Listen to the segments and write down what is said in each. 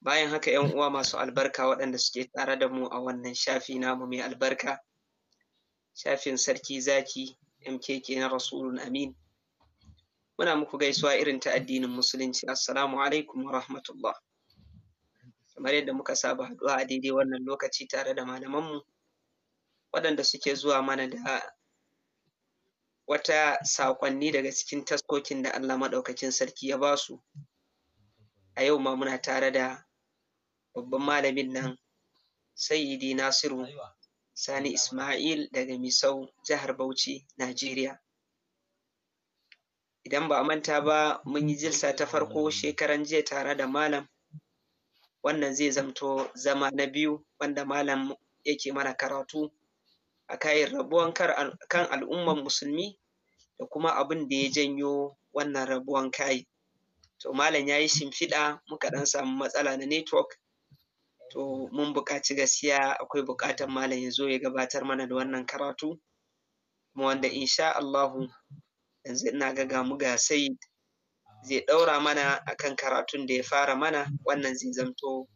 bayan haka yan uwa masu albarka waɗanda suke tare da mu a wannan shafi namu mai albarka shafin sarki zaki mkk na rasulun amin muna muku gaisuwa irin ta addinin musulunci assalamu alaikum wa rahmatullah kamar yadda muka saba haɗuwa a daidai wannan lokaci tare da mu waɗanda suke zuwa mana da wata saƙonni daga cikin taskokin da Allah maɗaukacin sarki ya ba su a yau ma muna tare da babban malamin nan sayyidi nasiru sani ismail daga misau jihar bauchi najeriya idan ba a manta ba mun yi jilsa ta farko shekaran jiya tare da malam wannan zai zamto zama na biyu wanda malam yake mana karatu a kayan rabuwan kan al'umman musulmi da kuma abin da ya janyo wannan rabuwan kai to malam ya yi shimfiɗa muka ɗan samu matsala na network to mun buƙaci gaskiya akwai buƙatar malam ya zo ya gabatar mana da wannan karatu kuma wanda insha Allahu yanzu ina ga gamu ga sai zai ɗaura mana akan karatun da ya fara mana wannan zai zamto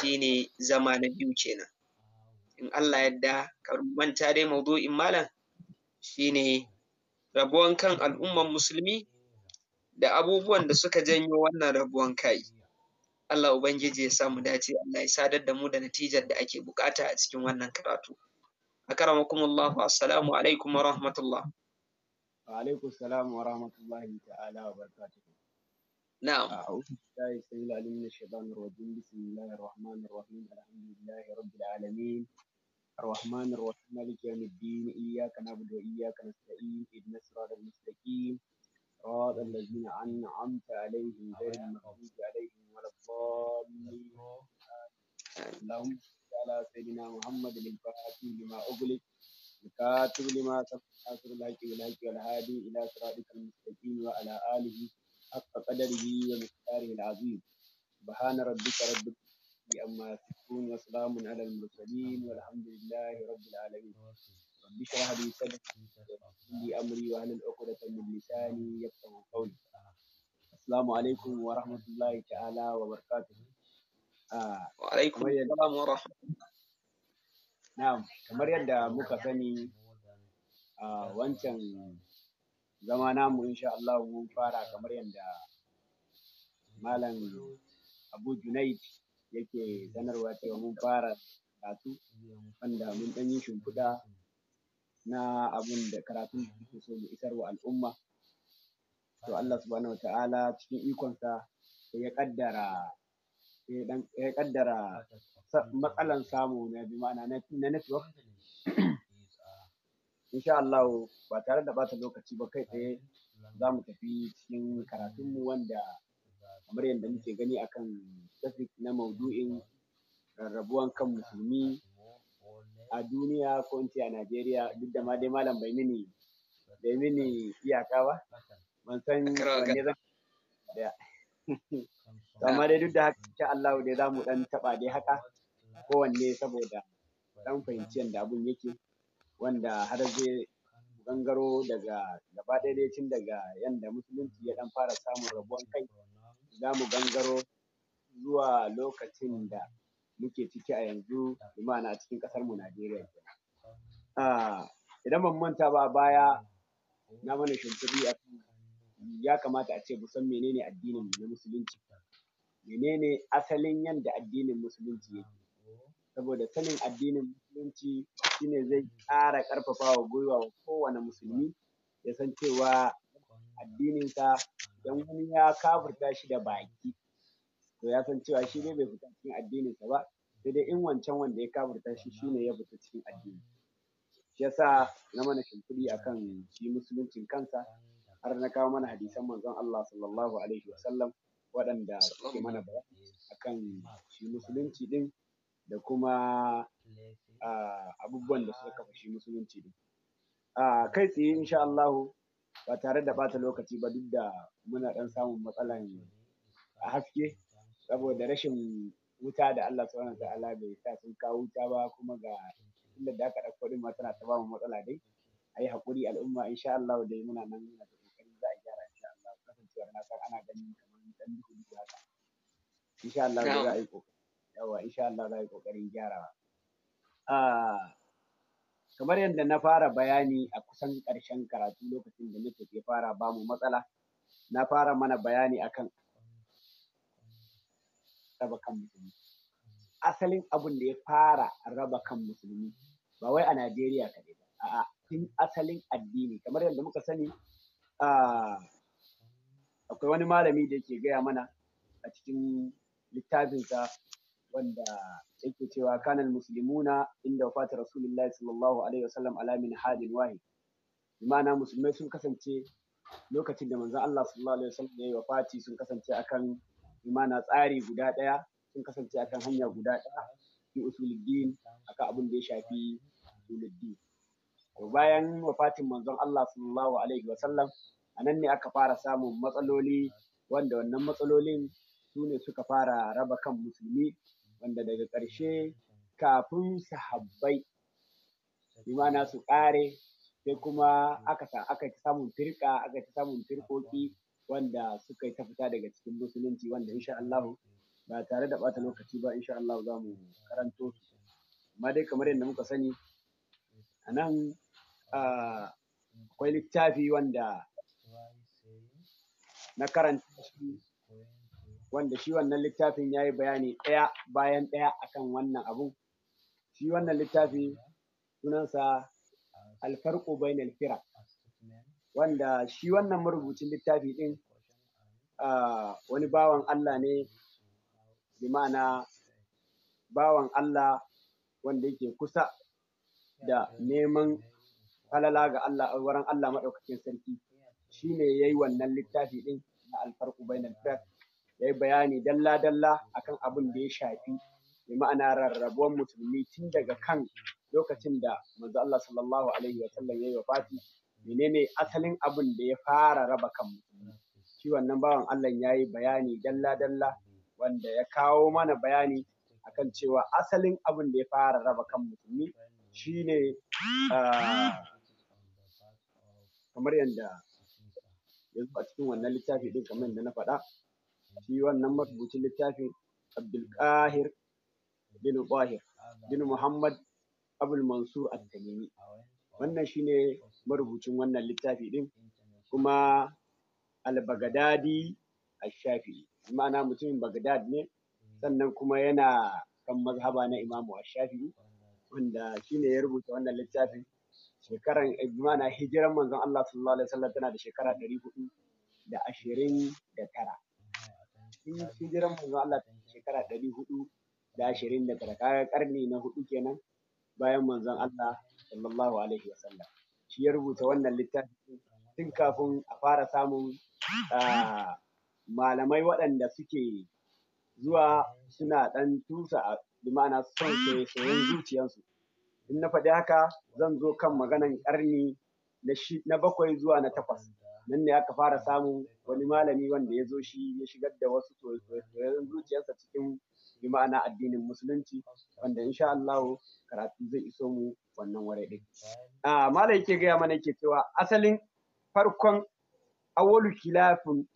shine zama na biyu kenan in Allah yadda manta dai maudu'in malam shine rabuwan kan al'umman musulmi da abubuwan da suka janyo wannan rabuwan kai Allah Ubangiji ya samu dace Allah ya sadar da mu da natijar da ake bukata a cikin wannan karatu. A Akaramakumullahu assalamu alaikum wa rahmatullah. Wa alaikum salam wa rahmatullahi ta'ala wa barakatuhu. Na'am. A A'udhu billahi samil alim min ash-shaytanir rajim. Bismillahir rahmanir rahim. Alhamdulillahi rabbil alamin. ar-wahaman الرحمن الرحيم مالك يوم الدين إياك نعبد وإياك نستعين اهدنا الصراط المستقيم صراط الذين أنعمت عليهم غير المغضوب عليهم ولا الضالين اللهم صل على سيدنا محمد الفاتح لما أغلق الكاتب لما سبق ناصر الحق والحق والهادي إلى صراطك المستقيم وعلى آله حق قدره ومقداره العظيم سبحان ربك رب عما يصفون وسلام على المرسلين والحمد لله رب العالمين رب اشرح لي صدري ويسر لي امري واهل عقدة من لساني يفقه قولي Assalamu alaikum wa rahmatullahi ta'ala wa barakatuhu. Ah, wa alaikum wa Na'am, kamar yadda muka sani a ah, wancan zama namu insha Allah mun fara kamar yadda Malam Abu Junaid yake sanarwa cewa mun fara karatu wanda mun ɗan yi shimfiɗa na abun da karatun da so mu isarwa al'umma. to Allah subhanahu wataala cikin ikonsa ya kaddara ya kaddara matsalan samu na bi ma'ana na network insha Allah ba tare da bata lokaci ba kai tsaye za mu tafi cikin karatunmu wanda kamar yadda muke gani a kan topic na maudu'in rarrabuwan kan musulmi a duniya ko in ce a Najeriya duk da ma dai malam bai mini bai mini iyaka ba ban san daya amma dai duk da haka insha Allah dai za mu dan taba dai haka kowanne saboda dan fahimci yadda abun yake wanda har zai gangaro daga gaba ɗaya tun daga yanda musulunci ya dan fara samun rabuwan kai za mu gangaro zuwa lokacin da muke ciki a yanzu imana a cikin ƙasar mu Najeriya ah, idan ban manta ba baya na mana shimfiɗi a kan ya kamata a ce mu san menene addinin na musulunci menene asalin yanda addinin musulunci yake saboda sanin addinin musulunci shine zai ƙara ƙarfafawa gwiwa wa kowane musulmi ya san cewa addininsa idan wani ya kafurta shi da baki to ya san cewa shi dai bai fita cikin addininsa ba sai dai in wancan wanda ya kafurta shi shine ya fita cikin addini shi yasa na mana shimfiɗi akan shi musuluncin kansa har na kawo mana hadisan manzon Allah sallallahu alaihi sallam waɗanda suke mana bayani akan shi musulunci din da kuma abubuwan da suka kafa shi musulunci din kai tsaye insha Allah ba tare da bata lokaci ba duk da muna ɗan samun matsalan haske saboda rashin wuta da Allah subhanahu ta'ala bai sa sun kawo wuta ba kuma ga inda da aka ɗauko ɗin ma tana ta bamu matsala dai ayi hakuri al'umma insha Allah dai muna nan muna na san ana ganin kamar dan duhu duhu haka insha Allah za a yi yawa insha Allah kokarin gyarawa kamar yadda na fara bayani a kusan ƙarshen karatu lokacin da nake ke fara bamu matsala na fara mana bayani akan raba kan musulmi asalin abun da ya fara raba kan musulmi ba wai a Najeriya kaɗai ba a'a tun asalin addini kamar yadda muka sani akwai wani malami da yake gaya mana a cikin littafinsa wanda yake cewa kanal muslimuna inda wafati rasulullahi sallallahu alaihi wasallam ala min hadin wahid imana musulmai sun kasance lokacin da manzon Allah sallallahu alaihi wasallam ya yi wafati sun kasance akan imana tsari guda daya sun kasance akan hanya guda daya fi usuluddin akan abin da ya shafi usuluddin bayan wafatin manzon Allah sallallahu alaihi wasallam a nan ne aka fara samun matsaloli wanda wannan matsalolin su ne suka fara raba kan musulmi wanda daga ƙarshe kafin sahabbai imana su ƙare sai kuma aka ci samun firka aka ci samun firkoki wanda suka yi ta fita daga cikin musulunci wanda insha Allah ba tare da bata lokaci ba insha Allah za mu karanto su amma dai kamar yadda muka sani a nan ah, akwai littafi wanda na karanta shi wanda shi wannan littafin ya yi bayani ɗaya bayan ɗaya akan wannan abu shi wannan littafi sunansa alfarko na kira wanda shi wannan marubucin littafi ɗin wani bawan Allah ne bi ma'ana bawan Allah wanda yake kusa da neman falala ga Allah wurin Allah maɗaukacin sarki shi ne ya yi wannan littafi ɗin na alfarku bainal firak ya yi bayani dalla-dalla akan abun da ya shafi bi ma'ana rarrabuwar musulmi tun daga kan lokacin da manzo Allah sallallahu alaihi wa sallam ya yi wafati menene asalin abun da ya fara raba kan musulmi shi wannan bawan Allah ya yi bayani dalla-dalla wanda ya kawo mana bayani akan cewa asalin abun da ya fara raba kan musulmi shine ah, kamar yadda yanzu a cikin wannan littafi din kamar yadda na faɗa shi wannan marubucin littafin abdulkahir bin qahir bin muhammad abul mansur al tamimi wannan shine marubucin wannan littafi din kuma al-bagdadi al shafii ma'ana mutumin bagdad ne sannan kuma yana kan mazhaba na imamu al shafii wanda shine ya rubuta wannan littafin shekarar eh, mana hijiran manzon Allah sallallahu alaihi wasallam tana da shekara 429 hijiran manzon Allah tana da shekara 429 hudu da ashirin da na hudu kenan bayan manzon Allah sallallahu alaihi wasallam shi ya rubuta wannan littafin tun kafin a fara samun ah, malamai waɗanda suke zuwa suna dan tusa bi ma'ana son soyayyen zuciyarsu in na faɗi haka zan zo kan maganan ƙarni na bakwai zuwa na takwas nan ne aka fara samun wani malami wanda ya zo shi ya shigar da wasu toyoyin zuciyarsa cikin bi ma'ana addinin musulunci wanda insha Allah karatu zai iso mu wannan ware. din a malai yake gaya mana yake cewa asalin farkon awwalu kilafin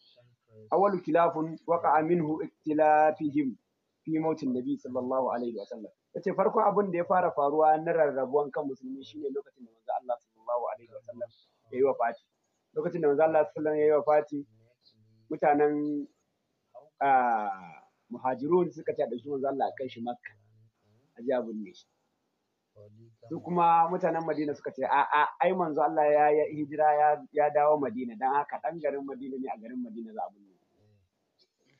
awwalu kilafin waqa'a minhu iktilafihim fi mautin nabi sallallahu alaihi wa sallam ce farko abin da ya fara faruwa na rarrabuwan kan musulmi shine lokacin da manzo Allah sallallahu alaihi wa sallam yayi wafati lokacin da manzo Allah sallallahu alaihi wa sallam yayi wafati mutanen muhajirun suka ce da shi manzo Allah kan shi makka a ji abin ne shi su kuma mutanen madina suka ce a a ai manzo Allah ya hijira ya dawo madina dan haka dan garin madina ne a garin madina za a bunne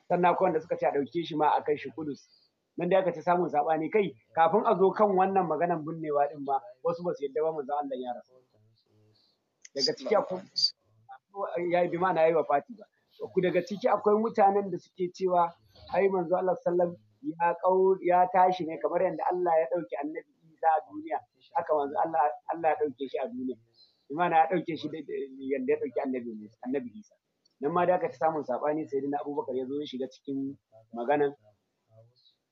sannan akwai wanda suka ce a ɗauke shi ma a kai shi kudus nan da aka ce samun saɓani kai kafin a zo kan wannan maganan binnewa din ma wasu ba su yadda ba manzo Allah ya rasu daga ciki akwai ya bi bima yayi wa fati ba ku daga ciki akwai mutanen da suke cewa ai manzo Allah sallam ya ya tashi ne kamar yadda Allah ya ɗauki annabi Isa a duniya haka manzo Allah Allah ya ɗauke shi a duniya imana ya ɗauke shi yadda ya ɗauki annabi Isa nan ma da aka samun sabani sai na abubakar ya zo ya shiga cikin maganan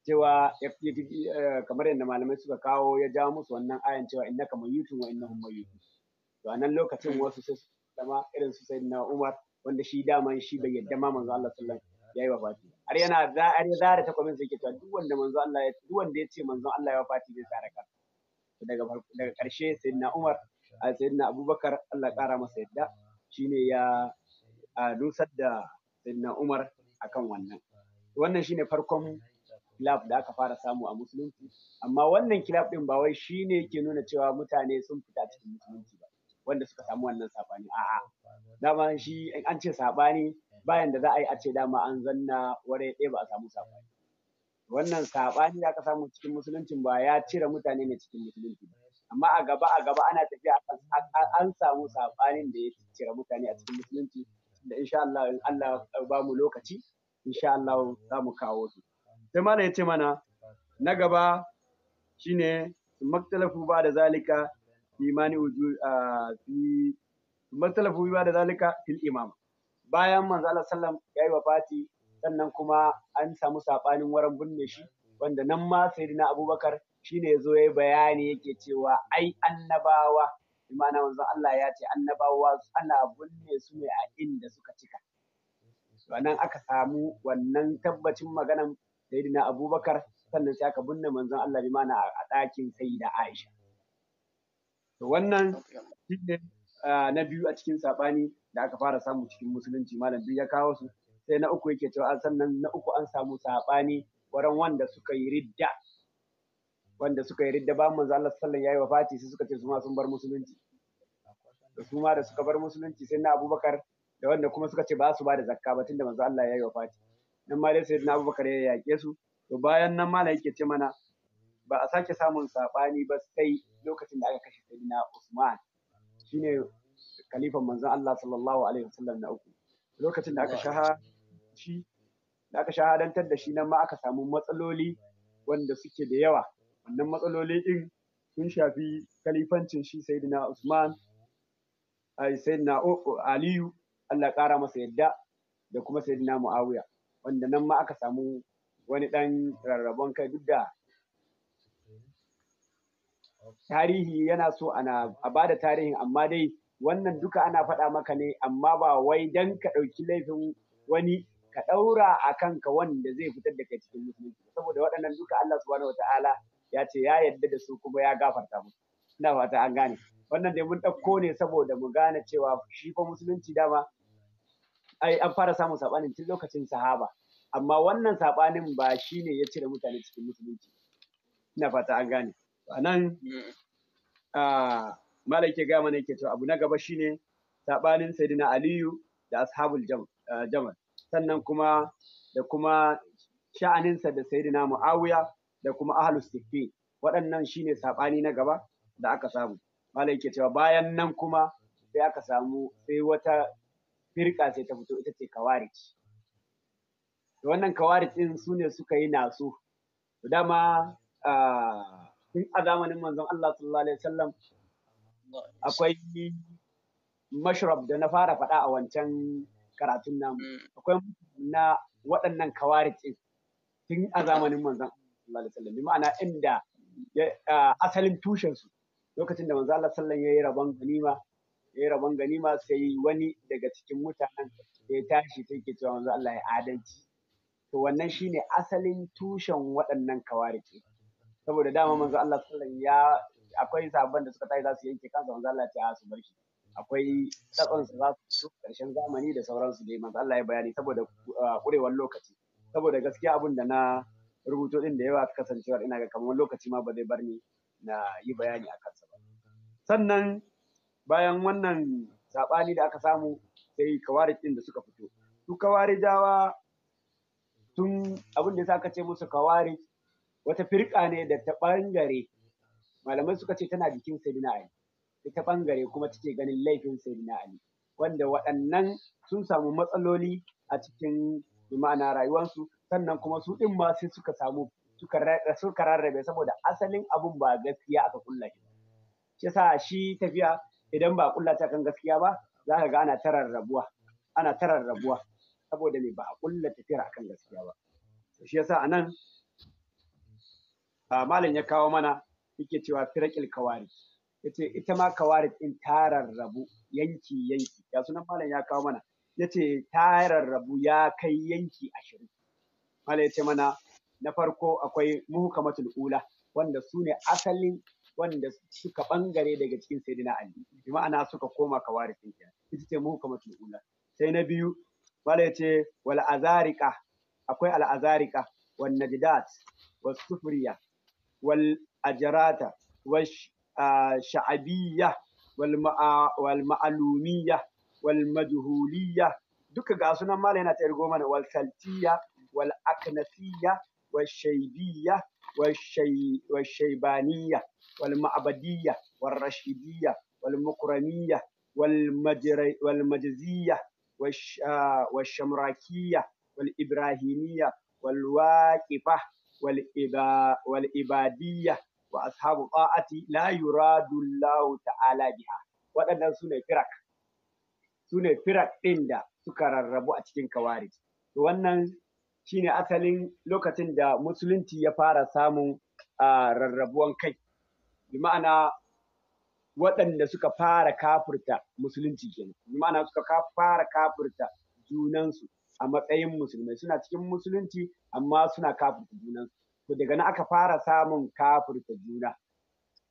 cewa eh, kamar yadda malamai suka kawo ya ja musu wannan ayan cewa inna kamar yutun wa inna humma yutun to a nan lokacin wasu su zama irin su sai na umar wanda shi dama shi bai yadda ma manzo Allah sallallahu alaihi yayi wafati har yana za har ya zara takwamin sai ke cewa duk wanda manzo Allah ya duk wanda ya ce manzo Allah ya wafati zai tsara ka daga daga karshe sayyidina Umar sayyidina Abubakar Allah ya kara masa yadda shine ya a dusar da Sayyidina Umar akan wannan. Wannan shine farkon kilab da aka fara samu a musulunci amma wannan kilab din ba wai shine ke nuna cewa mutane sun fita cikin musulunci ba wanda suka samu wannan sabani a'a dama shi an ce sabani bayan da za a yi a ce dama an zanna ware ɗaya ba a samu sabani wannan sabani da aka samu cikin musulunci ba ya cire mutane ne cikin musulunci ba amma a gaba a gaba ana tafiya an samu sabanin da ya cire mutane a cikin musulunci da insha Allah Allah ba mu lokaci insha Allah za mu kawo su sai ya yace mana na gaba shine maktalafu ba da zalika imani wuju fi maktalafu ba da zalika fil imam bayan manzo Allah sallam yayi wafati sannan kuma an samu sabanin waran binne shi wanda nan ma sayyidina Abubakar shine yazo yayi bayani yake cewa ai annabawa Imana wanzu Allah ya ce annabawa ana binne su ne a inda suka cika Wannan aka samu wannan tabbacin maganan sayyidina Abubakar sannan sai aka binne manzon Allah bi mana a ɗakin sayyida Aisha to wannan shine na biyu a cikin sabani da aka fara samu cikin musulunci malam biyu ya kawo su sai na uku yake cewa sannan na uku an samu sabani waran wanda suka yi ridda wanda suka yi ridda ba manzo Allah sallallahu alaihi wasallam yayi wafati sai suka ce su ma sun bar musulunci da su ma da suka bar musulunci sai na abubakar da wanda kuma suka ce ba su ba da zakka ba tunda manzo Allah ya yi wafati nan ma dai na abubakar ya yaƙe su to bayan nan ma yake ce mana ba a sake samun sabani ba sai lokacin da aka kashe sayyidina usman shine kalifan manzo Allah sallallahu alaihi wasallam na uku lokacin da aka shaha shi da aka shahadantar da shi nan ma aka samu matsaloli wanda suke da yawa wannan matsaloli din sun shafi kalifancin shi sayyidina Usman na aliyu Allah ƙara masa yadda da kuma na muawiya wanda nan ma aka samu wani ɗan rarrabon kai duk da tarihi yana so ana a bada tarihin amma dai wannan duka ana faɗa maka ne amma ba wai dan ka ɗauki laifin wani ka ɗaura a kanka wanda zai fitar da kai cikin musulunci saboda waɗannan duka Allah subhanahu wataala ya ce ya yadda da su kuma ya gafarta musu Ina fata an gane wannan dai mun ɗauko ne saboda mu gane cewa shi ko musulunci dama ai an fara samun saɓanin tun lokacin sahaba amma wannan saɓanin ba shi ne ya cire mutane cikin musulunci ina fata an gane a nan malam ke gama ne ke to abu na gaba shine saɓanin sayidina aliyu da ashabul jamal sannan kuma da kuma sha'aninsa da saidina muawiya da kuma ahlus siffi waɗannan shine saɓani na gaba da aka samu malai yake cewa bayan nan kuma sai aka samu sai wata firka sai ta fito ita ce kawarij da wannan kawarij din su ne suka yi nasu dama tun a zamanin manzon Allah sallallahu alaihi wasallam akwai mashrab da na fara faɗa a wancan karatun namu mm. akwai na waɗannan kawarij din tun a zamanin manzon Allah sallallahu alaihi wasallam bi ma'ana inda asalin tushen su lokacin da manzo Allah sallan ya rabon ganima ya rabon ganima sai wani daga cikin mutanen ya tashi take ke cewa manzo Allah ya adalci to wannan shine asalin tushen waɗannan kawariki saboda dama manzo Allah sallan ya akwai sabon da suka tashi za su yanke kansa manzo Allah ya su bar shi akwai tsatsansu za su karshen zamani da sauransu dai manzo Allah ya bayani saboda kurewar lokaci saboda gaskiya abin da na rubuto din da yawa kasancewar ina ga kamar lokaci ma ba zai bar ni na yi bayani a kansa sannan bayan wannan saɓani da aka samu sai kawarijin da suka fito su kawarijawa tun abin da aka ce musu kawarij wata firka ne da ta ɓangare malamai suka ce tana jikin sayyidina ali ta ɓangare kuma take ganin laifin sayyidina ali wanda waɗannan sun samu matsaloli a cikin Imana rayuwarsu sannan kuma su ɗin ma sai suka samu suka rarrabe saboda asalin abun ba gaskiya aka kulla shi yasa shi tafiya idan ba kulla ta kan gaskiya ba za ka ga ana tarar rabuwa ana tarar rabuwa saboda me ba a kulla tafiyar akan gaskiya ba to shi yasa anan malam ya kawo mana yake cewa firakil kawari yace ita ma kawari din tarar rabu yanki yanki ya sunan malam ya kawo mana yace tarar rabu ya kai yanki ashirin malam yace mana na farko akwai muhkamatul ula wanda sune asalin wanda suka bangare daga cikin sayyidina ali bi ma'ana suka koma kawarisin kenan ita ce muhukamatul ula sai na biyu mala yace wal azarika akwai al azarika wan najdat was sufriya wal ajrata wash sha'abiyya wal wal majhuliyya duka ga sunan mala yana ta irgo mana wal saltiya wal aknasiyya wal shaybiyya والشيبانية والمعبدية والرشيدية والمكرمية والمجزية والشمراكية والإبراهيمية والواقفة والإبادية وأصحاب طاعة لا يراد الله تعالى بها waɗannan su ne firak su ne firak ɗin da suka rarrabu a cikin kawari wannan shine asalin lokacin da musulunci ya fara samun rarrabuwan kai bi ma'ana waɗanda suka fara kafurta musulunci kenan bi ma'ana suka fara kafurta junansu a matsayin musulmai suna cikin musulunci amma suna kafurta junansu to daga nan aka fara samun kafurta juna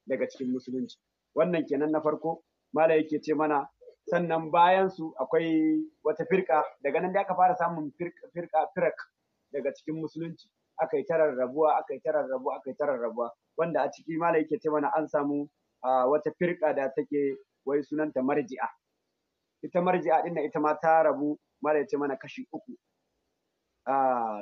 daga cikin musulunci wannan kenan na farko mala yake ce mana sannan bayan su akwai wata firka daga nan da aka fara samun firka firak daga cikin musulunci aka yi tarar rabuwa aka yi tarar rabuwa aka yi tarar rabuwa wanda a ciki mala yake ce mana an samu wata firka da take wai sunanta marji'a ita marji'a din ita ma ta rabu mala ya ce mana kashi uku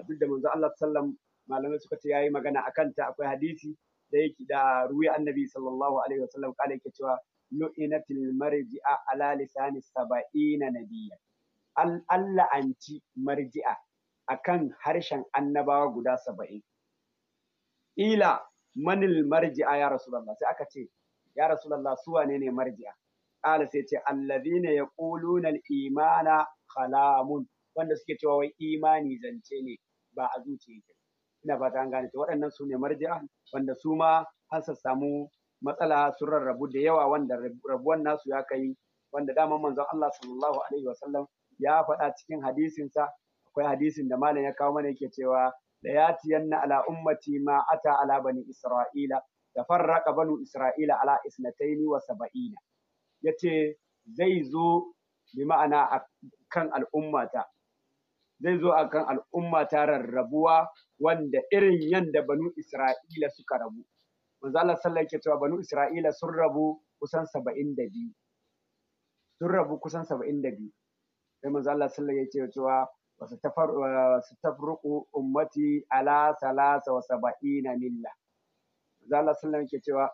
duk da manzo Allah sallam malamai suka ce yayi magana akan ta akwai hadisi da yake da ruwi annabi sallallahu alaihi wasallam kala yake cewa lu'inatil marji'a ala lisani saba'ina nabiyya an la'anci marji'a akan harshen annabawa guda saba'in. Ila manil marji'a ya Rasulallah sai aka ce, ya Rasulallah su wane ne marji'a? Ƙala sai ce, allazina ya ƙulunan imana Halamun, wanda suke cewa wai imani zance ne ba a zuciya yake. Ina fata an gane waɗannan su ne marji'a wanda su ma har su samu matsala sun rarrabu da yawa wanda rabuwan nasu ya kai wanda daman manzon Allah sallallahu alaihi wasallam ya faɗa cikin hadisinsa akwai hadisin da malam ya kawo mana yake cewa la yatiyanna ala ummati ma ata ala bani isra'ila tafarraqa banu isra'ila ala isnataini wa saba'ina yace zai zo bi ma'ana akan al'ummata zai zo akan al'ummata rarrabuwa wanda irin yanda banu isra'ila suka rabu manzo Allah sallallahu alaihi cewa banu isra'ila sun rabu kusan 72 sun rabu kusan 72 sai manzo Allah sallallahu alaihi cewa وستفرق أمتي على ثلاثة وسبعين ملة za Allah sallam yake cewa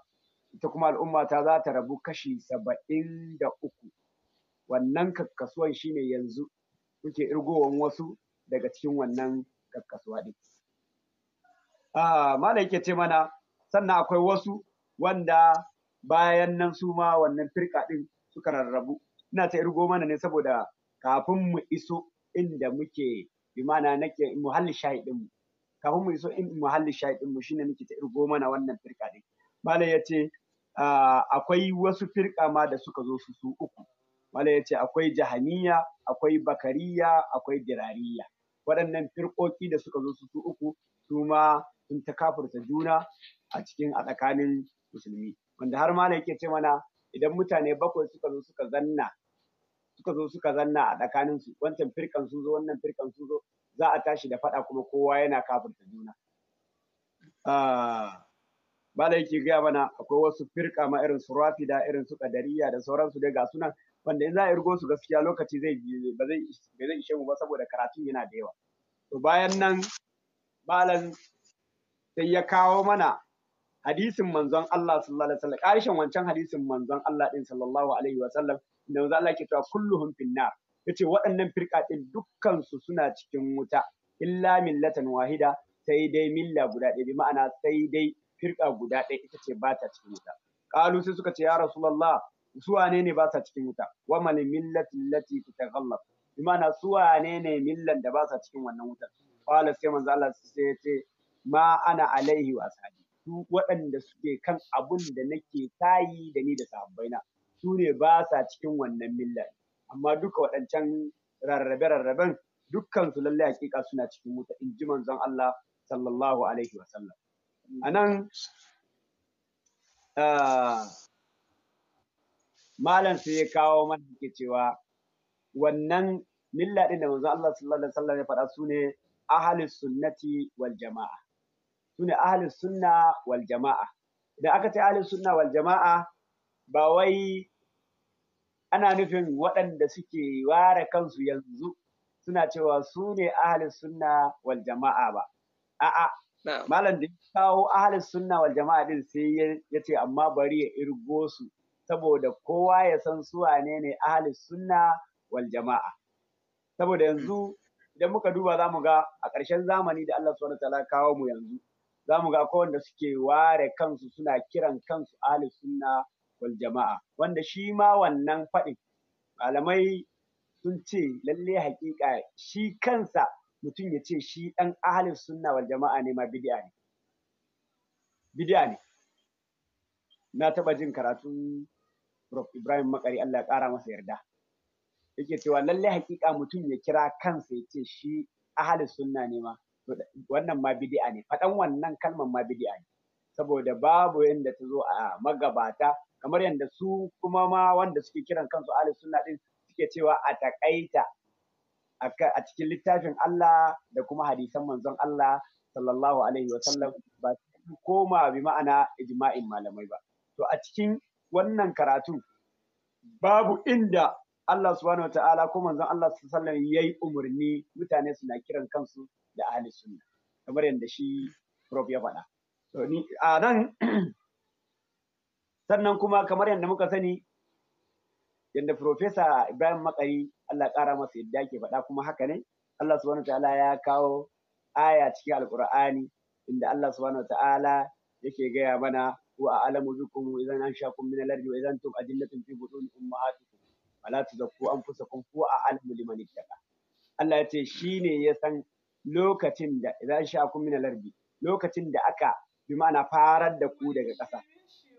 ita kuma al'ummata ta za ta rabu kashi saba'in da uku wannan kakkasuwan shine yanzu kuke irgowan wasu daga cikin wannan kakkasuwa ɗin. Mala yake ce mana sannan akwai wasu wanda bayan nan su ma wannan firka ɗin suka rarrabu. Ina ta irgo mana ne saboda kafin mu iso Inda muke imana nake muhalli shahidin mu kafin mu iso in muhalli shahidin mu shine muke ta irgo mana wannan firka ɗin malam ya akwai wasu firka ma da suka zo su su uku malam ya akwai jahaniya akwai bakariya akwai dirariya waɗannan firkoki da suka zo su su uku su ma sun ta kafurta juna a cikin a tsakanin musulmi wanda har ma yake ce mana idan mutane bakwai suka zo suka zanna suka zo suka zanna a tsakanin su wancan firkan sun zo wannan firkan sun zo za a tashi da faɗa kuma kowa yana kafirta juna da ah, yake gaya mana akwai wasu firka ma irin su rafida irin su kadariya da sauransu dai ga sunan wanda in za a irgo su gaskiya lokaci zai ba zai ba zai ishe mu ba saboda karatun yana da yawa to bayan nan balan sai ya kawo mana hadisin manzon Allah sallallahu alaihi wasallam karshen wancan hadisin manzon Allah din sallallahu alaihi wasallam da wanzu Allah ke cewa kulluhum Ya ce waɗannan firka ɗin suna cikin wuta illa millatan wahida sai dai milla guda ɗaya bi ma'ana sai dai firƙa guda ɗaya ita ce ba ta cikin wuta qalu sai suka ce ya rasulullah su wane ne ba sa cikin wuta wa mal millati allati tataghallab bi ma'ana su wane ne millan da ba sa cikin wannan wutar qala sai manzo Allah sai ce ma ana alaihi wa su waɗanda suke kan abun da nake tayi da ni da sahabbaina su ne ba sa cikin wannan milla amma duka waɗancan rarrabe-rarraben dukkan su lallai hakika suna cikin wuta in ji manzon Allah sallallahu alaihi wasallam a nan malam sai ya kawo mana ke cewa wannan milla ɗin da manzon Allah sallallahu alaihi wasallam ya faɗa su ne ahlus sunnati wal jama'a su ne ahlus sunna wal jama'a idan aka ce ahlus sunna wal jama'a ba wai ana nufin waɗanda suke ware kansu yanzu suna cewa su ne ahalin sunna wal jama'a ba a'a malam da kawo ahalin sunna wal jama'a din sai ya ce amma bari ya irgo su saboda kowa ya san su wane ne ahalin sunna wal jama'a saboda yanzu idan muka duba za mu ga a ƙarshen zamani da Allah subhanahu wataala kawo mu yanzu za mu ga kowanda suke ware kansu suna kiran kansu ahalin sunna wal jama'a wanda shi ma wannan faɗin malamai sun ce lalle haƙiƙa shi kansa mutum ya ce shi ɗan ahalin sunna wal jama'a ne ma bidiya ne bidiya ne na taɓa jin karatun Prof Ibrahim Makari Allah ya ƙara masa yarda yake cewa lalle haƙiƙa mutum ya kira kansa ya ce shi ahalin sunna ne ma wannan ma bidiya ne faɗan wannan kalman ma bidiya ne saboda babu yadda ta zo a magabata kamar yadda su kuma ma wanda suke kiran kansu ahli sunna din suke cewa a takaita a cikin littafin Allah da kuma hadisan manzon Allah sallallahu alaihi wa sallam ba koma bi ma'ana ijma'in malamai ba to a cikin wannan karatu babu inda Allah subhanahu wa ta'ala ko manzon Allah sallallahu alaihi yayi umarni mutane suna kiran kansu da ahli sunna kamar yadda shi prof ya faɗa to ni a nan sannan kuma kamar yadda muka sani yadda Profesa Ibrahim Makari Allah ƙara masa yadda ke faɗa kuma haka ne Allah subhanahu ta'ala ya kawo aya cikin Alƙur'ani inda Allah subhanahu ta'ala yake gaya mana wa a'lamu bikum idan anshakum min al-ardi wa idan tum ajillatun fi butun ummahatikum wala tuzakku anfusakum huwa a'lamu liman ittaqa Allah ya ce shine ya san lokacin da idan anshakum min al-ardi lokacin da aka bi ma'ana farar da ku daga ƙasa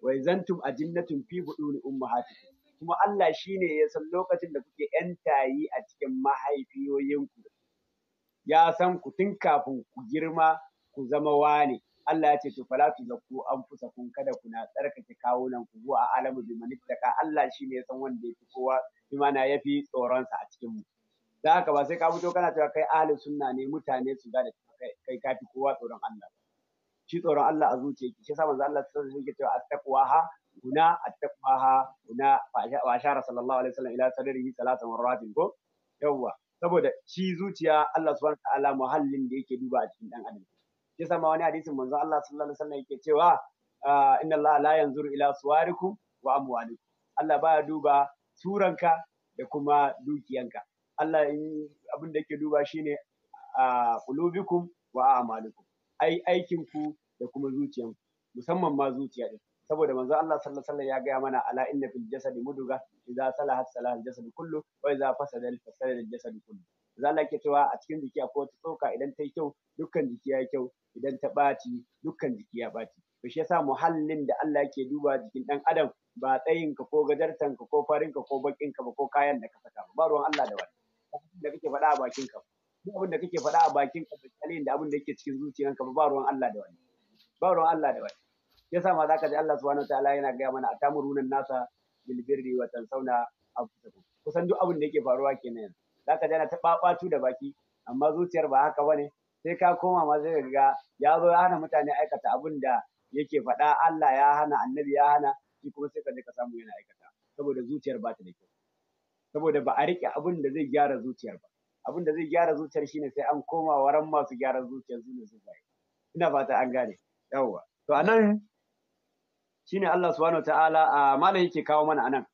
wa zantum ajinnatun fi buduni ummahatikum kuma Allah shine ya san lokacin da kuke ‘yan tayi a cikin mahaifiyoyinku, ya san ku tun kafin ku girma ku zama wane. Allah ya ce to fala tu zakku an fusa kun kada na tsarkake kawunan ku zuwa alamu bi manittaka Allah shine ya san wanda yafi kowa na yafi tsoronsa a cikin mu. Da haka ba sai ka fito kana cewa kai ahli sunna ne mutane su gane kai kafi kowa tsoron Allah. ba shi tsoron Allah a zuciya ki shi yasa manzo Allah sallallahu alaihi wasallam yake cewa attaqwaha huna attaqwaha guna wa shara sallallahu alaihi wasallam ila sadrihi salatan marratin ko yawwa saboda shi zuciya Allah subhanahu wa ta'ala muhallin da yake duba a cikin dan adam shi yasa ma wani hadisin manzo Allah sallallahu alaihi wasallam yake cewa ah, inna Allah la yanzuru ila suwarikum wa amwalikum Allah baya duba suranka da kuma dukiyanka Allah abin da yake duba shine a ah, qulubikum wa a'malukum ai aikin ku da kuma zuciyan musamman ma zuciya din saboda manzo Allah sallallahu alaihi ya gaya mana ala inna fil jasadi muduga idza salaha salaha al jasadu kullu wa idza fasada fasada al jasadu kullu za Allah ke cewa a cikin jiki akwai wata tsoka idan ta yi kyau dukkan jiki ya yi kyau idan ta ɓaci dukkan jiki ya ɓaci to shi yasa muhallin da Allah yake duba jikin ɗan adam ba tsayin ko gadartanka ko farinka ko baƙinka ba ko kayan da ka saka ba ruwan Allah da wani da kake faɗa a bakinka ba. abin da kake faɗa a bakin ka da da abin da yake cikin zuciyarka ba ruwan Allah da wani ba ruwan Allah da wani yasa ma zaka ji Allah subhanahu ta'ala yana gaya mana atamuruna nasa bil birri wa tansauna anfusakum kusan duk abin da yake faruwa kenan yanzu zaka ji ana ta babatu da baki amma zuciyar ba haka bane sai ka koma ma sai ga ya zo ya hana mutane aikata abin da yake faɗa Allah ya hana annabi ya hana shi kuma sai ka je ka samu yana aikata saboda zuciyar ba ta da kyau saboda ba a rike abin da zai gyara zuciyar ba abin da zai gyara zuciyar shine sai an koma waran masu gyara zuciyar su ne sufaye ina fata an gane yawwa to anan shine Allah subhanahu ta'ala a malam yake kawo mana anan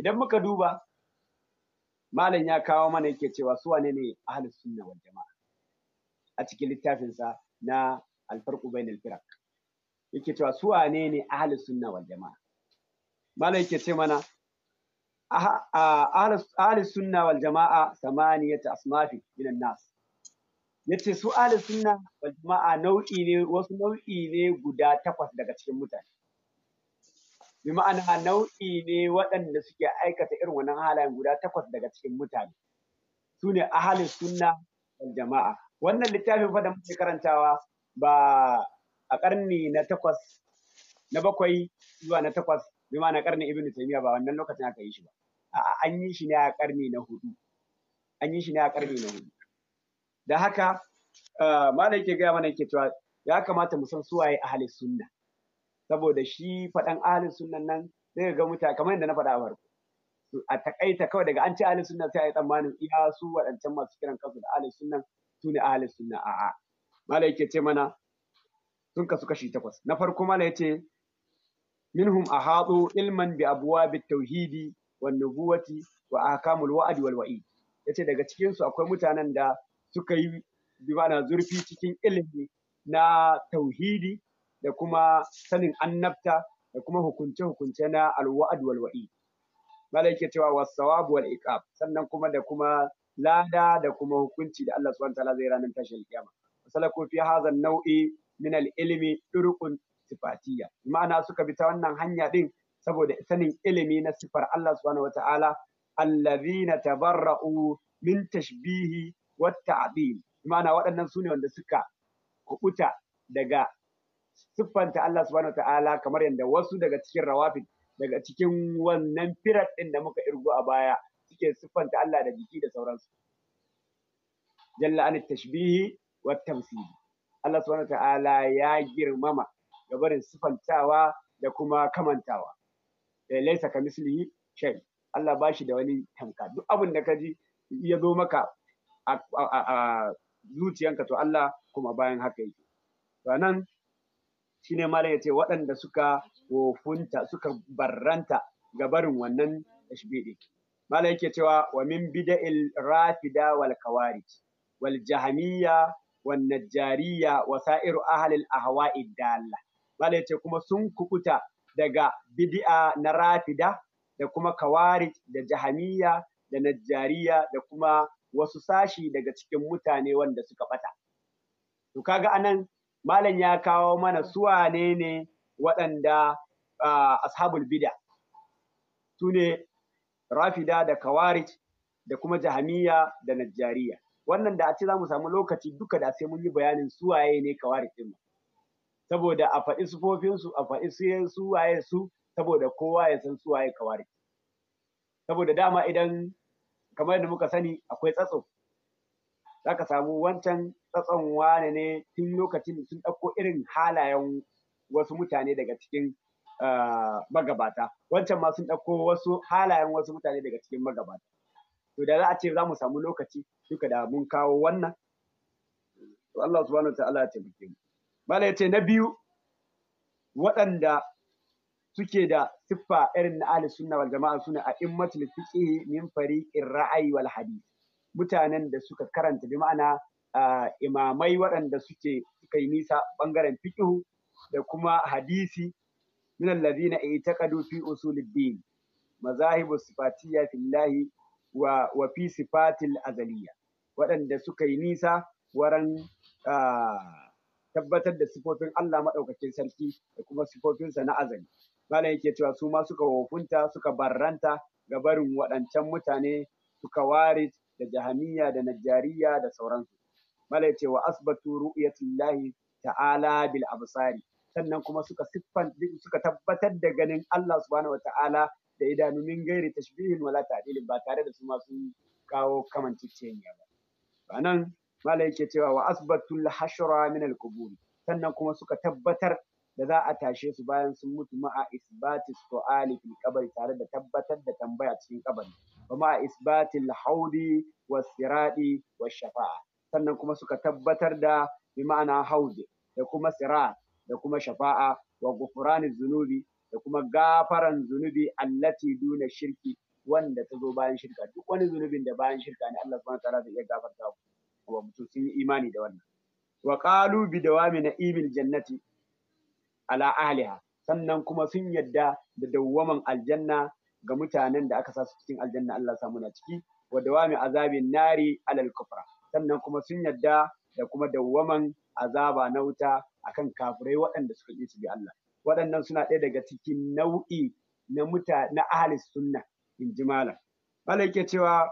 idan muka duba malam ya kawo mana yake cewa su wane ne ahlus sunna wal jama'a a cikin littafin sa na alfarqu bainal firaq yake cewa su wane ne ahlus sunna wal jama'a malam yake ce mana ahli sunna wal jama'a samaniyata asmafi minan nas yace su ahli sunna wal jama'a nau'i ne wasu nau'i ne guda takwas daga cikin mutane bi ma'ana nau'i ne waɗanda suke aikata irin wannan halayen guda takwas daga cikin mutane su ne ahli sunna wal jama'a wannan littafin fa da muke karantawa ba a ƙarni na takwas na bakwai zuwa na takwas bi ma'ana ƙarni ibnu taymiya ba wannan lokacin aka yi shi ba an yi shi ne a karni na hudu an yi shi ne a karni na hudu da haka eh, malam yake gaya mana yake cewa ya kamata mu san suwaye ahli sunna saboda shi faɗan ahli sunnan nan sai ga mutane kamar yadda na faɗa a farko a takaita kawai daga an ce ahli sunna sai a yi tsammanin iya su waɗancan masu kiran kansu da ahli sunnan su ne ahli sunna a'a malam yake ce mana sun kasu kashi takwas na farko malam yace minhum ahadu ilman bi abwabi tauhidi wannubuwati wa akamul wa'adi wal wa'i. yace daga cikin su akwai mutanen da suka yi bimana zurfi cikin ilimi na tauhidi da kuma sanin annabta da kuma hukunce-hukunce na alwa'ad wal wa'i malaike cewa wasawabu wal iqab sannan kuma da kuma lada da kuma hukunci da Allah subhanahu ta'ala zai ranar tashin kiyama Masalaku fi hadha nau'i min al-ilmi turuqun sifatiyya ma'ana suka bi ta wannan hanya din saboda sanin ilimi na sifar Allah subhanahu wata'ala allazina tabarra'u min tashbihi wa ta'dil ma'ana waɗannan sune wanda suka kubuta daga siffanta Allah subhanahu wata'ala kamar yadda wasu daga cikin rawafid daga cikin wannan firat ɗin da muka irgo a baya suke siffanta Allah da jiki da sauransu jalla an tashbihi wa tamsili Allah subhanahu wata'ala ya girmama ga barin siffantawa da kuma kamantawa Eh, laisa ka mislihi shay Allah ba shi da wani tanka duk abin da ka ji ya zo maka a zuciyanka to Allah kuma bayan haka yake to nan shine malam yace waɗanda suka wofunta suka barranta ga barin wannan tashbihi malam yake cewa wa min bida'il rafida wal kawarij wal jahamiyya wan najariya wa sa'iru ahli al ahwa'id dalla malam yace kuma sun kukuta daga bidi'a na rafida da kuma kawarij da jahamiya da najjariya da kuma wasu sashi daga cikin mutane wanda suka bata. To kaga anan malam ya kawo mana suwa ne waɗanda ashabul bida su ne rafida da kawarij da kuma jahamiya da najjariya. Wannan da a ce za mu samu lokaci duka da sai mun yi bayanin suwaye ne kawarij ɗin saboda a faɗi sufofinsu a faɗi su waye su saboda kowa ya san su waye kawari saboda dama idan kamar da muka sani akwai tsatso za ka samu wancan tsatson wane ne tun lokacin sun ɗauko irin halayen wasu mutane daga cikin ah, magabata wancan ma sun ɗauko wasu halayen wasu mutane daga cikin magabata to da za a ce za mu samu lokaci duka da mun kawo wannan Allah subhanahu wa ta'ala ya taimake mu Mala ya na biyu waɗanda suke da siffa irin na ahli sunna wal jama'a suna a immatul fiqh min fariqir ra'ayi wal hadith mutanen da suka karanta bi ma'ana imamai waɗanda suke suka yi nisa bangaren fiqh da kuma hadisi min alladhina i'taqadu fi usuluddin mazahibu sifatiyya fillahi wa wa fi sifatil azaliyya waɗanda suka yi nisa waran tabbatar da sifofin Allah maɗaukakin sarki da kuma sifofinsa na azali. Malam yake cewa su ma suka wofunta suka barranta ga barin waɗancan mutane suka ware da jahamiya da najariya da sauransu. Malam ya ce wa asbatu ru'yatillahi ta'ala bil absari sannan kuma suka siffan suka tabbatar da ganin Allah subhanahu wa ta'ala da idanu min gairi tashbihin wala ta'dilin ba tare da su ma sun kawo kamanciceniya ba. nan. malai yake cewa wa asbatul hashra min al sannan kuma suka tabbatar da za a tashe su bayan sun mutu ma'a isbati su'ali fil qabri tare da tabbatar da tambaya cikin kabari wa ma'a isbatil haudi wa siradi wa shafa'a sannan kuma suka tabbatar da bi ma'ana haudi da kuma sirat da kuma shafa'a wa ghufrani zunubi da kuma gafaran zunubi allati duna shirki wanda ta zo bayan shirka duk wani zunubin da bayan shirka ne Allah subhanahu wa ta'ala zai iya gafarta ku wa mutum sun yi imani da wannan wa qalu bi dawami imil jannati ala ahliha sannan kuma sun yadda da dawwaman aljanna ga mutanen da aka sa su cikin aljanna Allah samu na ciki wa dawami azabin nari alal kufra sannan kuma sun yadda da kuma dawwaman azaba na wuta akan kafirai waɗanda suka yi su bi Allah waɗannan suna ɗaya daga cikin nau'i na muta na ahli sunna in ji malam cewa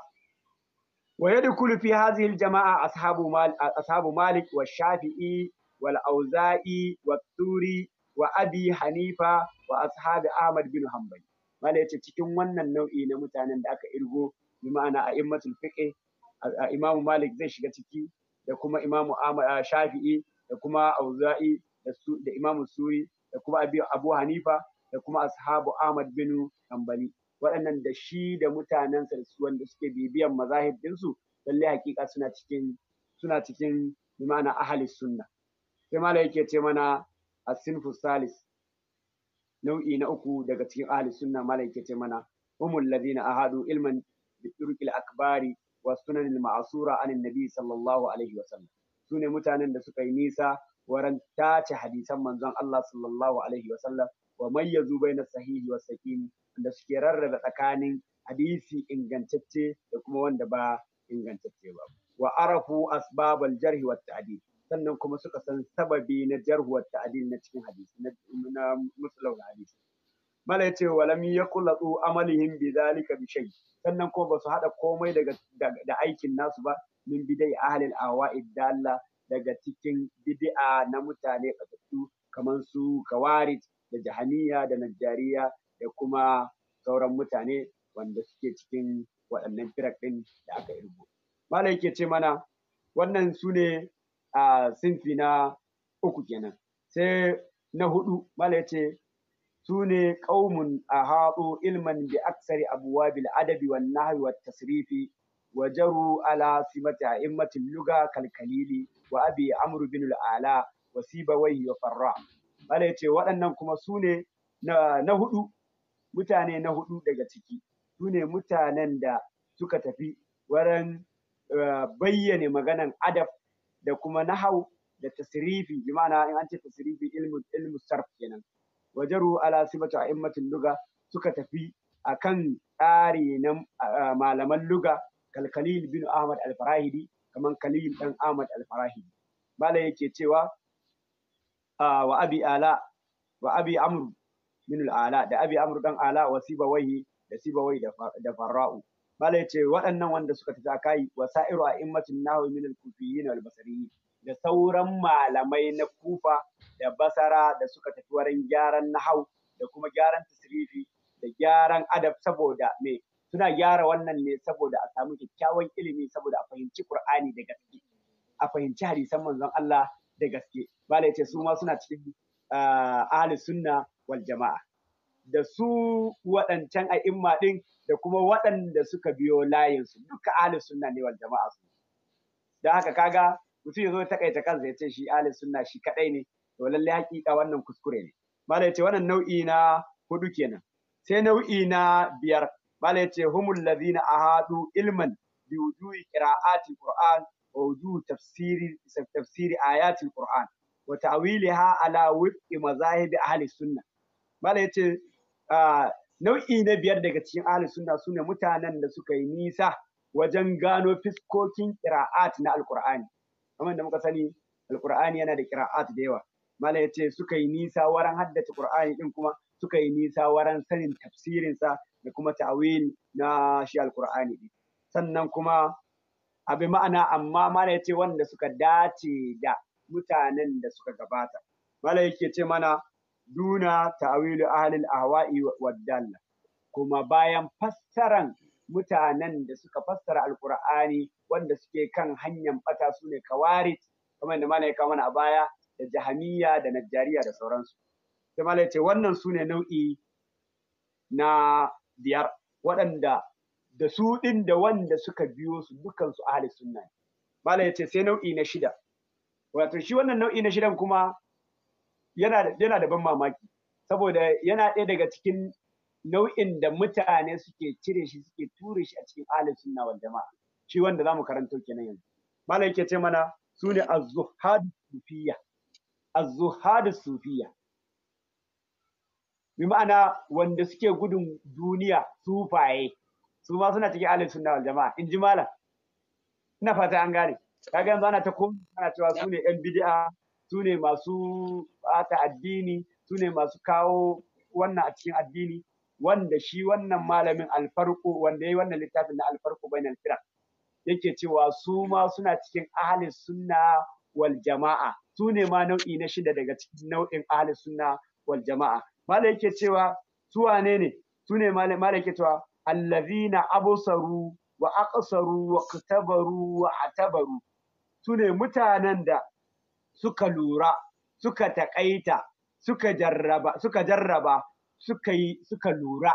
ويدخل في هذه الجماعة أصحاب مالك, أصحاب مالك والشافعي والأوزائي والثوري وأبي حنيفة وأصحاب أحمد بن حنبل ما لا cikin wannan nau'i na mutanen da aka irgo bi ma'ana a immatul fiqh imamu malik zai shiga ciki da kuma imamu shafi'i da kuma auza'i da imamu suri da kuma abu hanifa da kuma ahmad bin hanbali waɗannan da shi da mutanen wanda suke bibiyan mazahib ɗinsu lallai hakika suna cikin suna cikin ma'ana ahli sunna sai mala yake ce mana asinfu salis nau'i na uku daga cikin ahli sunna mala yake ce mana humul ladina ahadu ilman bi akbari wa sunanil ma'asura ma'sura anin nabi sallallahu alaihi wa sallam sune mutanen da suka yi nisa waran tace hadisan manzon Allah sallallahu alaihi wa sallam wa mayyazu bainas sahihi was da suke rarraba tsakanin hadisi ingantacce da kuma wanda ba ingantacce ba wa arafu asbabal jarhi wa ta'dil sannan kuma suka san sababi na jarhu wa ta'dil na cikin hadisi na musulun hadisi mala yace wa lam yaqulu amalihim bi bi shay sannan kuma basu hada komai daga da aikin nasu ba min bidai ahli al-awa'id dalla daga cikin bid'a na mutane fatattu kamar su kawarij da jahaniya da najjariya da kuma sauran mutane wanda suke cikin waɗannan firak ɗin da aka irgo. Malam yake ce mana wannan su ne a sinfi na uku kenan. Sai na hudu malam ya ce su ne ƙaumun a haɗo ilman bi aksari abuwa bil adabi wan nahwi wat tasrifi wa jaru ala simati immatin luga kalkalili wa abi amru bin al'ala wa sibawai wa farra. Malam ya ce waɗannan kuma su ne na hudu mutane na hudu daga ciki su ne mutanen da suka tafi wurin eh, bayyane maganan adab da kuma nahau da tasrifi bi ma'ana in an ce tasrifi ilmu ilmu sarf kenan wajaru ala sibatu a'immatul luga suka tafi akan tsari na eh, malaman luga kalkalil bin ahmad al-farahidi kaman kalil dan ahmad al-farahidi bala yake cewa ah, wa abi ala wa abi amru min ala da abi amru dan ala wa sibawaihi da sibawai da farra'u bala yace waɗannan wanda suka tafi akai wa sa'iru a'immatin nahwi min al-kufiyyin wal basriyyin da sauran malamai na kufa da basara da suka tafi wurin gyaran nahau da kuma gyaran tasrifi da gyaran adab saboda me suna gyara wannan ne saboda a samu kyakkyawan ilimi saboda a fahimci qur'ani da gaske a fahimci hadisan manzon Allah da gaske bala yace su ma suna cikin ahli sunna wal jama'a da su waɗancan a'imma ɗin da kuma waɗanda suka biyo layinsu duka ahli sunna ne wal jama'a su don haka kaga mutum ya zo takaita kansa ya ce shi ahli sunna shi kaɗai ne to lallai haƙiƙa wannan kuskure ne malai ya ce wannan nau'i na hudu kenan sai nau'i na biyar malai ya ce humul ladina ahadu ilman bi wujuhi qira'ati qur'an wa wujuhi tafsiri tafsiri ayati qur'an wa ta'wiliha ala wifqi mazahibi ahli sunna mala yace nau'i na biyar daga cikin ahli sunna sune mutanen da suka yi nisa wajen gano fiskokin qira'at na alqur'ani kamar da muka sani alqur'ani yana da qira'at da yawa mala yace suka yi nisa waran haddace qur'ani din kuma suka yi nisa waran sanin tafsirinsa da kuma ta'wil na shi alqur'ani din sannan kuma abi ma'ana amma mala yace wanda suka dace da mutanen da suka gabata malam yake ce mana duna ta'wilu ahlil ahwa'i waddalla kuma bayan fassaran mutanen da suka fassara Alkur'ani wanda suke kan hanyar bata su ne kawarit kamar da malam ya kawo mana a baya da jahamiyya da najjariya da sauransu sai malam ce wannan su ne nau'i na biyar waɗanda da su ɗin da wanda suka biyo su dukansu ahli sunna ne malam ce sai nau'i na shida wato shi wannan nau'i na shidan kuma yana yana da ban mamaki saboda yana ɗaya daga cikin nau'in da mutane suke cire shi suke ture shi a cikin ahlus sunna wal jama'a shi wanda zamu karanto kenan yanzu malam yake ce mana sune az-zuhad sufiyya az-zuhad sufiyya bi ma'ana wanda suke gudun duniya sufaye su ma suna cikin ahlus sunna wal jama'a in ji malam ina fata an gane kaga yanzu ana ta ko ana cewa su ne yan bid'a su ne masu ata addini su ne masu kawo wannan a cikin addini wanda shi wannan malamin alfarko wanda yayi wannan littafin na alfarko bainal firaq yake cewa su ma suna cikin ahli sunna wal jama'a su ne ma nau'i na shida daga cikin nau'in ahli sunna wal jama'a malai yake cewa su wane ne su ne malai yake cewa allazina absaru wa aqsaru wa qtabaru wa atabaru su ne mutanen da suka lura suka taƙaita suka jarraba suka jarraba suka yi suka lura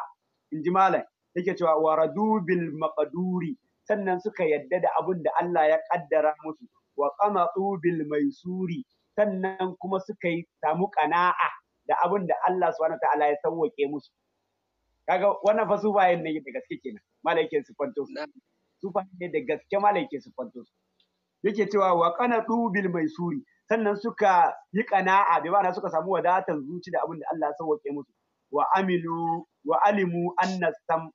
in ji malam yake cewa waradu bil maqduri sannan suka yadda da abin da Allah ya kaddara musu wa qamatu bil maisuri sannan kuma suka yi samu ƙana'a da abin da Allah subhanahu ta'ala ya sauwake musu kaga wannan fa sufayen ne da gaske kenan malaikin su kwanto su sufayen ne da gaske malaikin su kwanto su yake cewa wa qanatu mai suri sannan suka yi ƙana'a bai ba suka samu wadatar zuci da abin da Allah sauke musu wa amilu wa alimu anna sam'a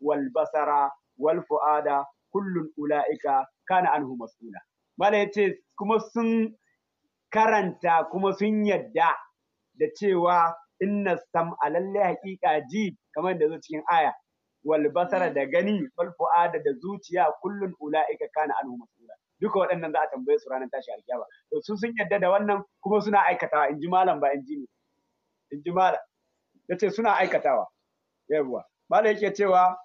wal basara wal fuada kullun ulaika kana anhu mas'ula mala yace kuma sun karanta kuma sun yadda da cewa inna sam'a lalle haƙiƙa ji kamar da zo cikin aya wal basara da gani wal fuada da zuciya kullun ulaika kana anhu duka waɗannan za a tambaye su ranar tashi alkiyama to su sun yadda da wannan kuma suna aikatawa in ji malam ba in ji ni in ji malam yace suna aikatawa yawwa malam yake cewa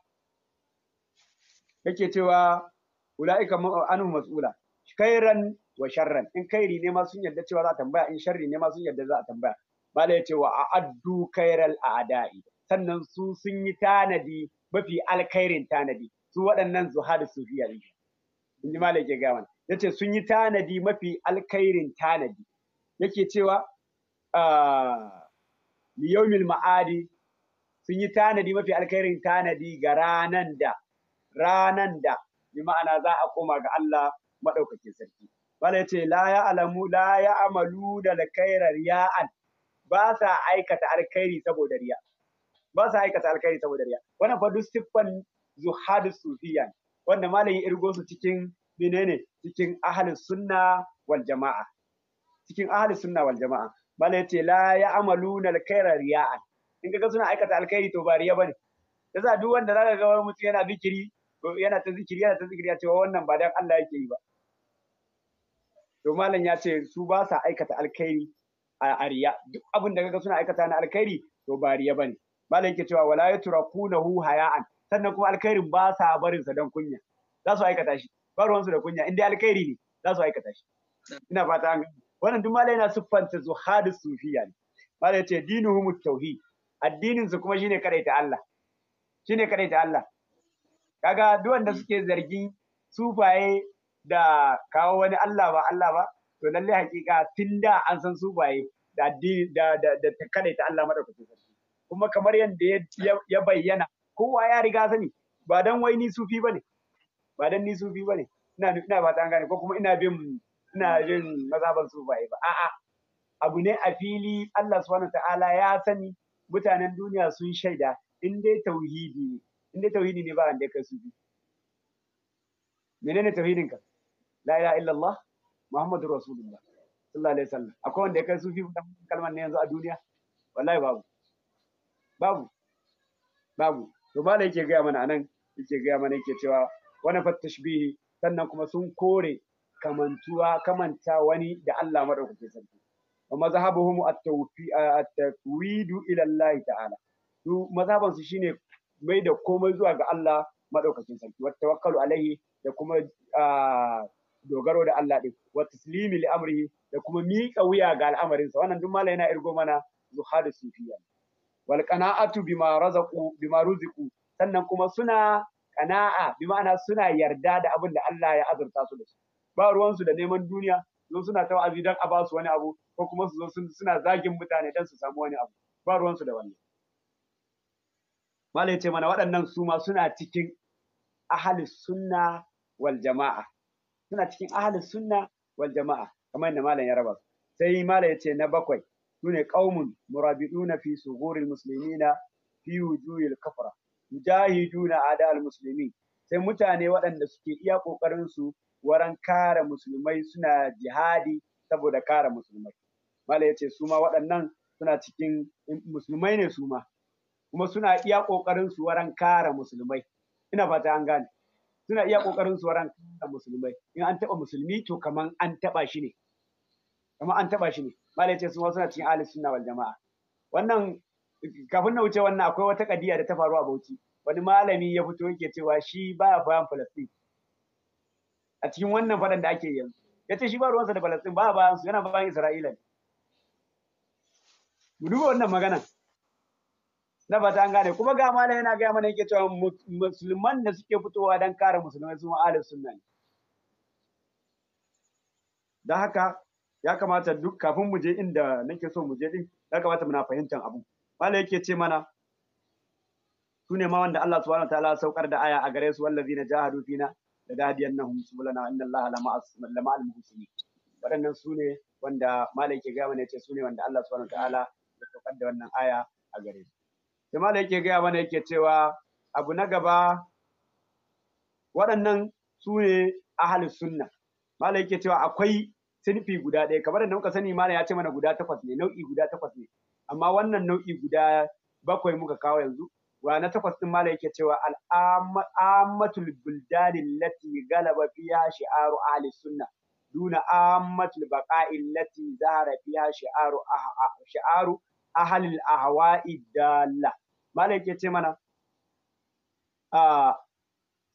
yake cewa ula'ika anu mas'ula khairan wa sharran in kairi ne ma sun yadda cewa za a tambaya in sharri ne ma sun yadda za a tambaya malam yace wa a'addu khairal a'da'i sannan su sun yi tanadi mafi alkhairin tanadi su waɗannan zuhadu sufiya ne in ji malam ke gaya mana yace sun yi tanadi mafi alkairin tanadi yake cewa ah, liyaumil ma'adi sun yi tanadi mafi alkairin tanadi ga ranan da ranan da bi ma'ana za a koma ga Allah maɗaukakin sarki wala yace la ya alamu la ya amalu da alkairar ya'an ba sa aikata alkairi saboda riya ba sa aikata alkairi saboda riya wannan fa duk siffan zuhadu Sufiyan. wanda malam ya irgo su cikin menene cikin ahli sunna wal jama'a cikin ahli sunna wal jama'a malam yace la ya'maluna alkhaira riya'a in kaga suna aikata alkhairi to ba riya bane yasa duk wanda zaka ga wani mutum yana zikiri yana ta zikiri yana ta zikiri ya ce wannan ba dan Allah yake yi ba to malam ya ce su ba sa aikata alkhairi a riya duk abin da kaga suna aikata na alkhairi to ba riya bane malam yake cewa wala yaturakunahu haya'an sannan kuma alkhairin ba sa barin sa don kunya za su aikata shi ba ruwansu da kunya in dai alkhairi ne za su aikata shi ina fata an wannan duk malai yana siffanta Hadis sufiya ne malai ce dinuhum tauhid addinin su kuma shine kadaita Allah shine kadaita Allah kaga duk wanda suke zargi, sufaye da kawo wani Allah ba Allah ba to lalle hakika tun da an san sufaye da addini da da da kadaita Allah madaukakin kuma kamar yadda ya bayyana kowa ya riga sani ba dan wai ni sufi bane ba dan ni sufi bane ina ina ba ta gane ko kuma ina bin ina jin mazhaban sufai ba a'a abu ne a fili Allah subhanahu ta'ala ya sani mutanen duniya sun shaida in dai tauhidi ne in dai tauhidi ne ba dai ka sufi menene tauhidin ka la ilaha illallah muhammadur rasulullah sallallahu alaihi wasallam akwai wanda ya kai sufi kalmar ne yanzu a duniya wallahi babu babu babu to malam yake gaya mana anan yake gaya mana yake cewa wani fattashbihi sannan kuma sun kore kamantuwa kamanta wani da Allah madaukake sarki wa mazhabuhum at at-tawidu ila Allah ta'ala su mazhaban su shine mai da komai zuwa ga Allah madaukakin sarki wa tawakkalu alaihi da kuma dogaro da Allah din wa taslimi li amrihi da kuma miƙa wuya ga alamarin sa wannan duk malai yana irgo mana zuhadu sufiya wal qana'atu bima razaqu bima ruziqu sannan kuma suna qana'a bi ma'ana suna yarda da abin da Allah ya azurta su da shi ba ruwan su da neman duniya don suna ta wa'azi dan a ba su wani abu ko kuma su zo suna zagin mutane dan su samu wani abu ba ruwan su da wannan Malai ce mana waɗannan su ma suna cikin ahli sunna wal jama'a suna cikin ahli sunna wal jama'a kamar yadda malam ya raba sai malam ya ce na bakwai sune qaumun murabiduna fi suguril muslimina fi wujuhil kafara mujahiduna ada al muslimin sai mutane waɗanda suke iya kokarin su waran kare musulmai suna jihadi saboda kare musulmai mala yace su ma waɗannan suna cikin musulmai ne su ma kuma suna iya kokarin su waran kare musulmai ina fata an gane suna iya kokarin su waran kare musulmai in an taba musulmi to kaman an taba shi ne kamar an taba shi ne malai ce su suna cikin ahli sunna wal jama'a wannan kafin na wuce wannan akwai wata kadiya da ta faru a Bauchi wani malami ya fito yake cewa shi baya bayan Palestine a cikin wannan fadan da ake yanzu yace shi ba ruwansa da Palestine baya bayan su yana bayan Isra'ila mu duba wannan magana na fata an gane kuma ga malai yana gaya mana yake cewa musulman da suke fitowa don kare musulmai sun ahli sunna ne da haka ya kamata duk kafin mu je inda nake so mu je din ya kamata muna fahimtar abu malai yake ce mana su ne ma wanda Allah subhanahu ta'ala saukar da aya a gare su wallazina jahadu fina da gadiyannahum subulana inna Allah la ma'al muhsinin waɗannan su ne wanda malai yake gaya mana yace su ne wanda Allah subhanahu ta'ala ya saukar da wannan aya a gare su sai malai yake ga mana yake cewa abu na gaba waɗannan su ne ahalus sunna malai yake cewa akwai sinfi guda ɗaya kamar da muka sani malam ya ce mana guda takwas ne nau'i guda takwas ne amma wannan nau'i guda bakwai muka kawo yanzu wa na takwas din malam yake cewa al'ammatul buldani lati galaba biya shi'aru ahli sunna duna ammatul baqa'i lati zahara biya shi'aru shi'aru ahli ahwa'i dalla malam yake ce mana a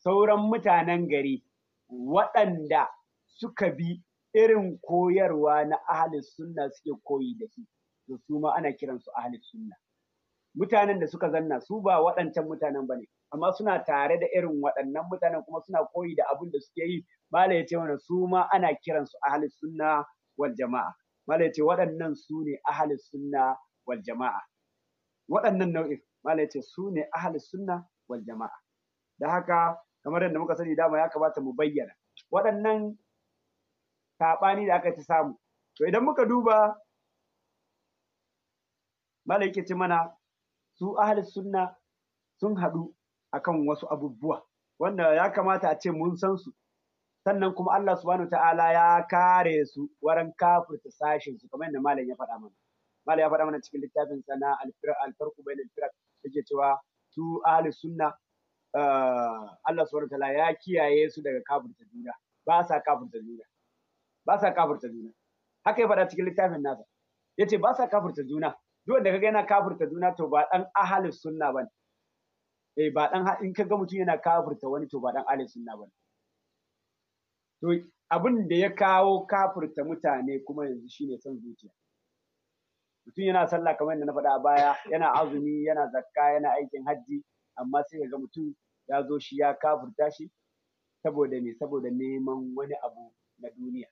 sauran mutanen gari waɗanda suka bi irin koyarwa na ahalin sunna suke koyi da shi to su ma ana kiransu ahalin sunna mutanen da suka zanna su ba waɗancan mutanen ba ne amma suna tare da irin waɗannan mutanen kuma suna koyi da abin da suke yi mala ya ce mana su ma ana kiransu ahalin sunna wal jama'a mala ya ce waɗannan su ne ahalin sunna wal jama'a waɗannan nau'in mala ya ce su ne ahalin sunna wal jama'a da haka kamar yadda muka sani dama ya kamata mu bayyana waɗannan saɓani da aka ci samu to idan muka duba malai yake ci mana su ahal sunna sun haɗu akan wasu abubuwa wanda ya kamata a ce mun san su sannan kuma Allah subhanahu ta'ala ya kare su waran ta sashin su kamar yadda malam ya faɗa mana malam ya faɗa mana cikin littafin sana alfarku bain alfirak yake cewa su ahal sunna eh, Allah subhanahu ta'ala ya kiyaye su daga ta juna ba sa ta juna ba sa kafirta juna haka ya faɗa cikin littafin nasa Ya ce ba sa kafirta juna duk wanda kaga yana kafirta juna to ba dan ahli sunna ba eh ba dan in kaga mutum yana kafirta wani to ba dan ahli sunna ne. to abin da ya kawo kafirta mutane kuma yanzu shine son zuciya mutum yana sallah kamar yadda na faɗa a baya yana azumi yana zakka yana aikin hajji amma sai ga mutum ya zo shi ya kafurta shi saboda me saboda neman wani abu na duniya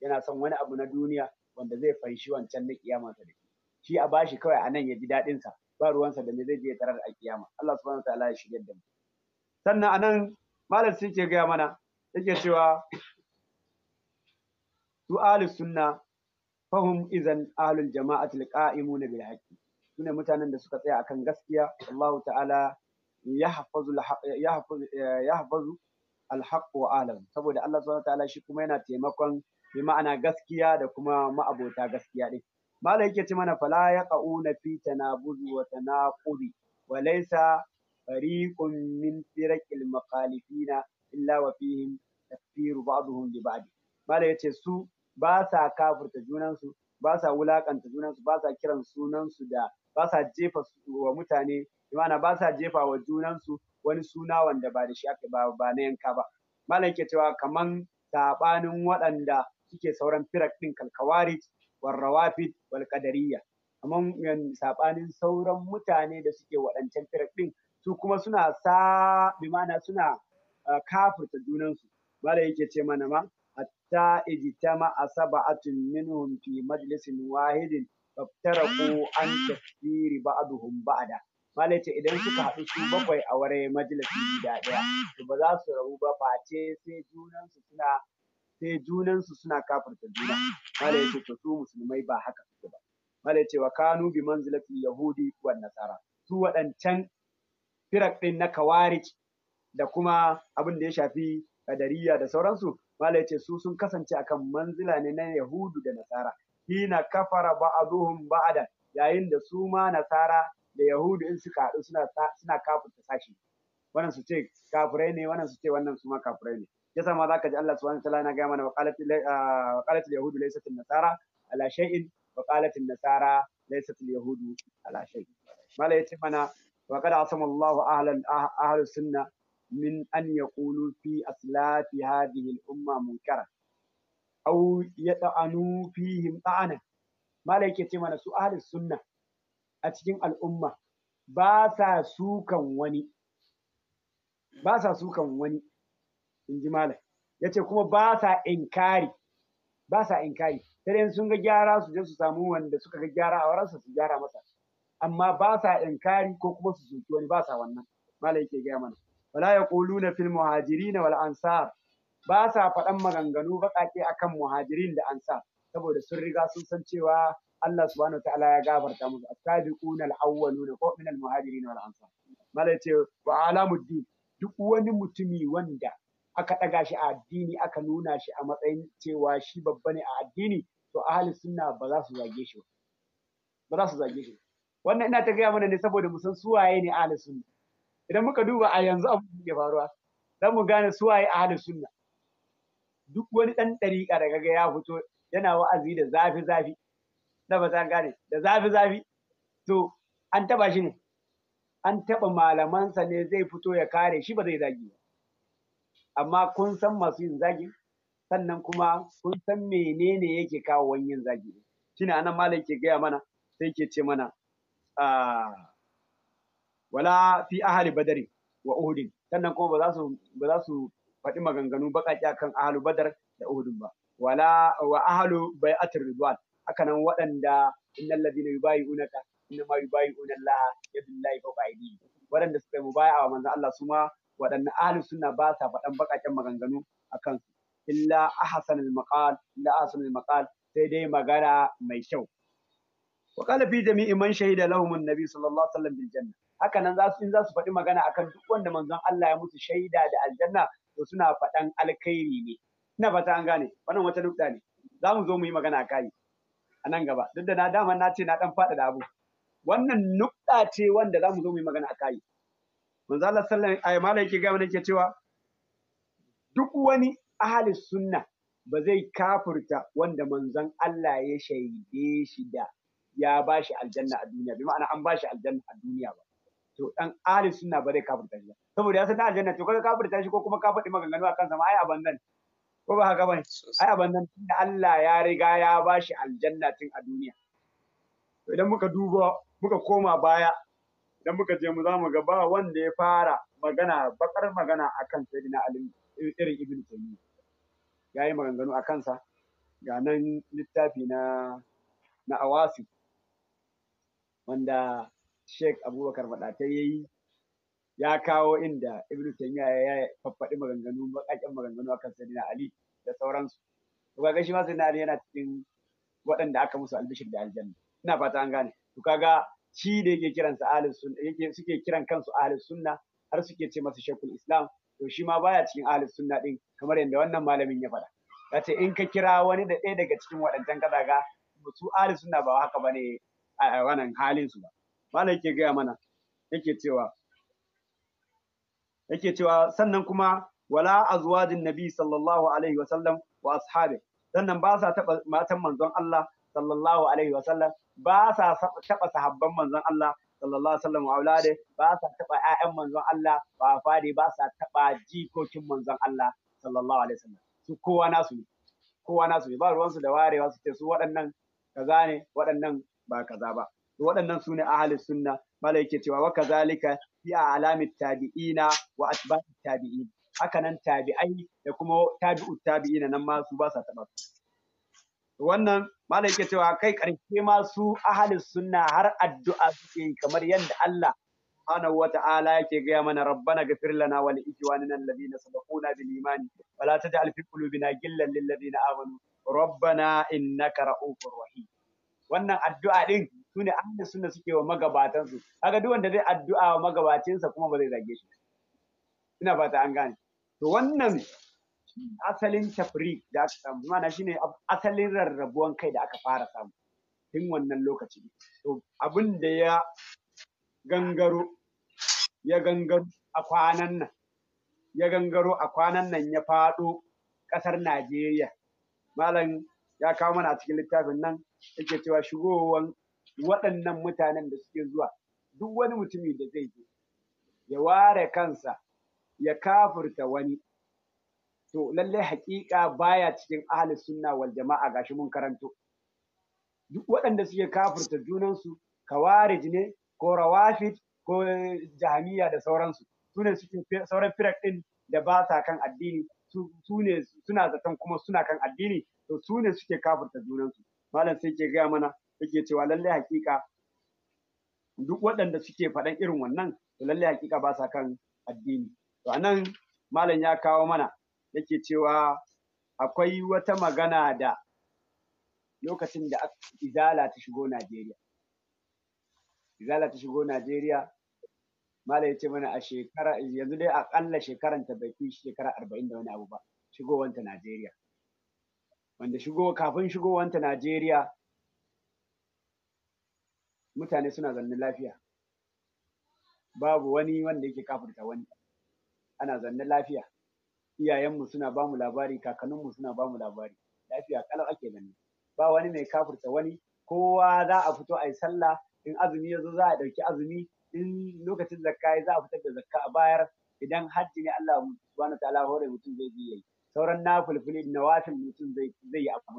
yana son wani abu na duniya wanda zai fanshi wancan na kiyama da shi shi a bashi kawai a nan ya ji daɗin sa ba ruwansa da me zai je tarar a kiyama Allah subhanahu wataala ya shigar da mu sannan anan malam sai ke gaya mana yake cewa su ahlus sunna fahum izan ahlul jama'atul qa'imuna bil haqqi sune mutanen da suka tsaya akan gaskiya Allah ta'ala ya hafazu eh, al haqq wa alam saboda Allah subhanahu wataala shi kuma yana taimakon bi ma'ana gaskiya da kuma ma'abota gaskiya din Malam yake ce mana fala ya ƙa'una fi tanabuzi wa tanaqudi wa laysa fariqun min firaqil mukhalifina illa wa fihim tafsiru ba'dhum li ba'd. Malam yace su ba sa kafirta junansu ba sa wulakanta junansu ba sa kiran sunansu da ba sa jefa wa mutane imana ba sa jefa wa junansu wani suna wanda ba da shi aka ba ba na yanka ba malam yake cewa kaman sabanin waɗanda suke sauran firak ɗin kalkawari warrawafid Walƙadariya? wal qadariyya saɓanin sauran mutane da suke waɗancan firak ɗin su kuma suna sa mana suna kafirta junansu bala yake ce mana ma hatta ijtama asaba'atun minhum fi majlisin wahidin faftaraku an tafsiri ba'duhum ba'da malai ce idan suka haɗu su bakwai a ware majalisi guda ɗaya to ba za su rabu ba face sai junansu suna sai junansu suna kafirta juna mala to su musulmai ba haka suke ba mala yace wa kanu bi manzilati yahudi wa nasara su waɗancan firak ɗin na kawarij da kuma abin da ya shafi kadariya da sauransu mala su sun kasance akan manzila ne na yahudu da nasara hina kafara ba'aduhum ba'ada yayin da su ma nasara da yahudu in suka haɗu suna suna kafirta sashi wannan su ce kafirai ne wannan su ce wannan su ma kafirai ne yasa ma ka ji Allah subhanahu wataala yana gaya mana waqalatul ah, yahudu laysat nasara ala shay'in waqalatul nasara laysat yahudu ala shay'in mala yace mana wa qad asamallahu ahlan ah, ahlus sunna min an yaqulu fi aslafi hadhihi al umma munkara aw yata'anu fihim ta'ana mala yake ce mana su ahlus sunna a cikin al'umma ba sa sukan wani ba sa sukan wani in ji malam ya ce kuma ba sa inkari ba sa inkari sai sun ga gyara su je su samu wanda suka ga gyara a wurinsa su gyara masa amma ba sa inkari ko kuma su zuci wani ba sa wannan malam yake gaya mana wala yaquluna fil muhajirin wal ansar ba sa faɗan maganganu baƙaƙe akan muhajirin da ansar saboda sun riga sun san cewa Allah subhanahu ta'ala ya gafarta musu as-sabiquna al-awwaluna ko min al-muhajirin wal ansar malai ce wa alamuddin duk wani mutumi wanda aka ɗaga shi a addini aka nuna shi a matsayin cewa shi babba ne a addini to ahli sunna ba za su zage shi ba za su zage shi wannan ina ta gaya mana ne saboda mu san suwaye ne ahli sunna idan muka duba a yanzu abu da faruwa dan mu gane suwaye ahli sunna duk wani ɗan ɗariƙa da kaga ya fito yana wa'azi da zafi zafi da ba ta gane da zafi zafi to an taba shi ne an taba malamansa ne zai fito ya kare shi ba zai zagi ba amma kun san masu yin zagi sannan kuma kun san menene yake kawo wani yin zagi shine anan malam ke gaya mana sai ke ce mana ah, wala fi ahali badari wa uhudin sannan kuma ba za su faɗi maganganu baƙaƙe kan ahalu badar da uhudin ba wala wa ahalu bai'atir ridwan haka nan waɗanda innal ladina yubayi'unaka inna ma yadullahi waɗanda suka yi mubaya'a wa manzon Allah su ma waɗanne ahli sunna ba sa faɗan baƙaƙen maganganu a kansu illa ahsan al-maqal illa ahsan al-maqal sai dai magana mai kyau wa qala fi jami'i man shahida lahum an-nabi sallallahu alaihi wasallam bil janna haka nan zasu in zasu faɗi magana akan duk wanda manzon Allah ya musu shaida da aljanna to suna faɗan alkhairi ne ina fata an gane wannan wata nukta ne za mu zo mu yi magana kai a nan gaba duk da na dama na ce na dan faɗa da abu wannan nukta ce wanda za mu zo mu yi magana a kai manzo Allah sallallahu alaihi wasallam yake ga mana cewa duk wani ahli sunna ba zai kafurta wanda manzon Allah ya shaide shi da ya bashi aljanna a duniya bi ma'ana an bashi aljanna a duniya ba to dan ahli sunna ba zai kafurta shi saboda ya san aljanna to kaga kafurta shi ko kuma ka faɗi maganganu a kansa ma ai abandan ko ba haka bane ai abandan da Allah ya riga ya bashi aljanna tun a duniya to idan muka duba muka koma baya dan muka je mu za mu ga ba wanda ya fara magana bakar magana akan na ali irin ibnu taymiya yayi maganganu a kansa ga nan littafi na na awasi wanda Sheikh Abubakar Madatai yayi ya kawo inda Ibn Taymiyyah ya faffaɗi maganganu baƙaƙen maganganu akan Sayyidina Ali da sauransu. To kaga shi ma Sayyidina Ali yana cikin waɗanda aka musu albishir da aljanna. Ina fata an gane. To kaga shi da yake kiran sa ahlus sunna yake suke kiran kansu ahlus sunna har suke ce masa shekul islam to shi ma baya cikin ahlus sunna din kamar yadda wannan malamin ya faɗa yace in ka kira wani da ɗaya daga cikin waɗancan kazaga ga su ahlus sunna ba haka bane a wannan halin su ba malam yake gaya mana yake cewa yake cewa sannan kuma wala azwajin nabi sallallahu alaihi wasallam wa ashabi sannan ba sa taɓa matan manzon Allah sallallahu alaihi wa sallam ba sa taɓa sahabban manzon Allah sallallahu alaihi wa sallam aulade ba sa taɓa ƴaƴan manzon Allah ba fadi ba sa taɓa jikokin manzon Allah sallallahu alaihi wa sallam su kowa nasu kowa nasu ba ruwan su da warewa su ce su waɗannan kaza ne waɗannan ba kaza ba waɗannan su ne ahalin sunna mala yake cewa wa kazalika fi alamin tabi'ina wa asbabi tabi'in hakanan tabi'ai da kuma tabi'u tabi'ina nan ma su ba sa taɓa su wannan malam yake cewa kai karshe ma su ahalin sunna har addu'a suke yi kamar yadda Allah subhanahu wata'ala yake gaya mana rabbana ghafir lana wa li ikhwanina alladhina sabaquna bil iman wa la taj'al fi qulubina ghillan lil ladina amanu rabbana innaka ra'ufur rahim wannan addu'a din sune ahalin sunna suke wa magabatansu. kaga duk wanda zai addu'a wa magabacinsa kuma ba zai zage shi ina fata an gane to wannan asalin tafri da aka samu mana shine asalin rarrabuwan kai da aka fara samu tun wannan lokaci to abin da ya gangaro ya gangaro a kwanan nan ya gangaro a kwanan nan ya faɗo ƙasar Najeriya malam ya kawo mana a cikin littafin nan yake cewa shigowan waɗannan mutanen da suke zuwa duk wani mutumi da zai je ya ware kansa ya kafurta wani to lallai haƙiƙa baya cikin ahalin sunna wal jama'a gashi mun karanto duk waɗanda suke kafirta junansu kawarij ne ko rawafid ko jahamiya da sauransu su ne suke sauran firak ɗin da ba sa kan addini su ne suna zaton kuma suna kan addini to su ne suke kafirta junansu malam sai ke gaya mana yake cewa lallai hakika duk waɗanda suke faɗan irin wannan to lallai hakika ba sa kan addini to anan malam ya kawo mana yake cewa akwai wata magana da lokacin da izala ta shigo Najeriya. Izala ta shigo Najeriya, Malam ya ce mana a shekara, yanzu dai aƙalla shekaran ta bai fi shekara arba'in da wani abu ba, shigowanta Najeriya. Wanda shigo kafin shigowanta Najeriya, mutane suna zannin lafiya. Babu wani wanda yake kafirta wani, ana zannin lafiya. iyayenmu suna ba mu labari kakanninmu suna ba mu labari lafiya kalau ake gani ba wani mai kafurta wani kowa za a fito a yi sallah in azumi ya zo za a ɗauki azumi in lokacin zakka za a fitar da zakka a bayar idan hajji ne Allah subhanahu ta'ala hore mutum zai yi sauran na fulfuli na wafin mutum zai zai yi sa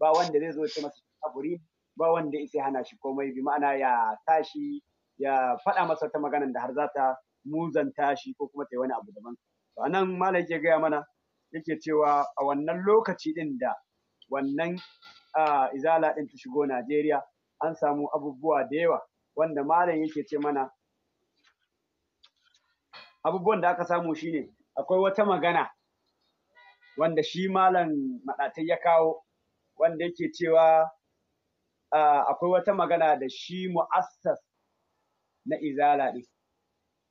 ba wanda zai zo ce masa kafuri ba wanda ya hana shi komai bi ma'ana ya tashi ya faɗa masa wata magana da har za ta muzanta shi ko kuma ta yi wani abu daban to anan malam yake gaya mana yake cewa a wannan lokaci din da wannan izala din ta shigo Najeriya an samu abubuwa da yawa wanda malam yake ce mana abubuwan da aka samu shine akwai wata magana wanda shi malam maɗatai ya kawo wanda yake cewa akwai wata magana da shi mu'assas na izala din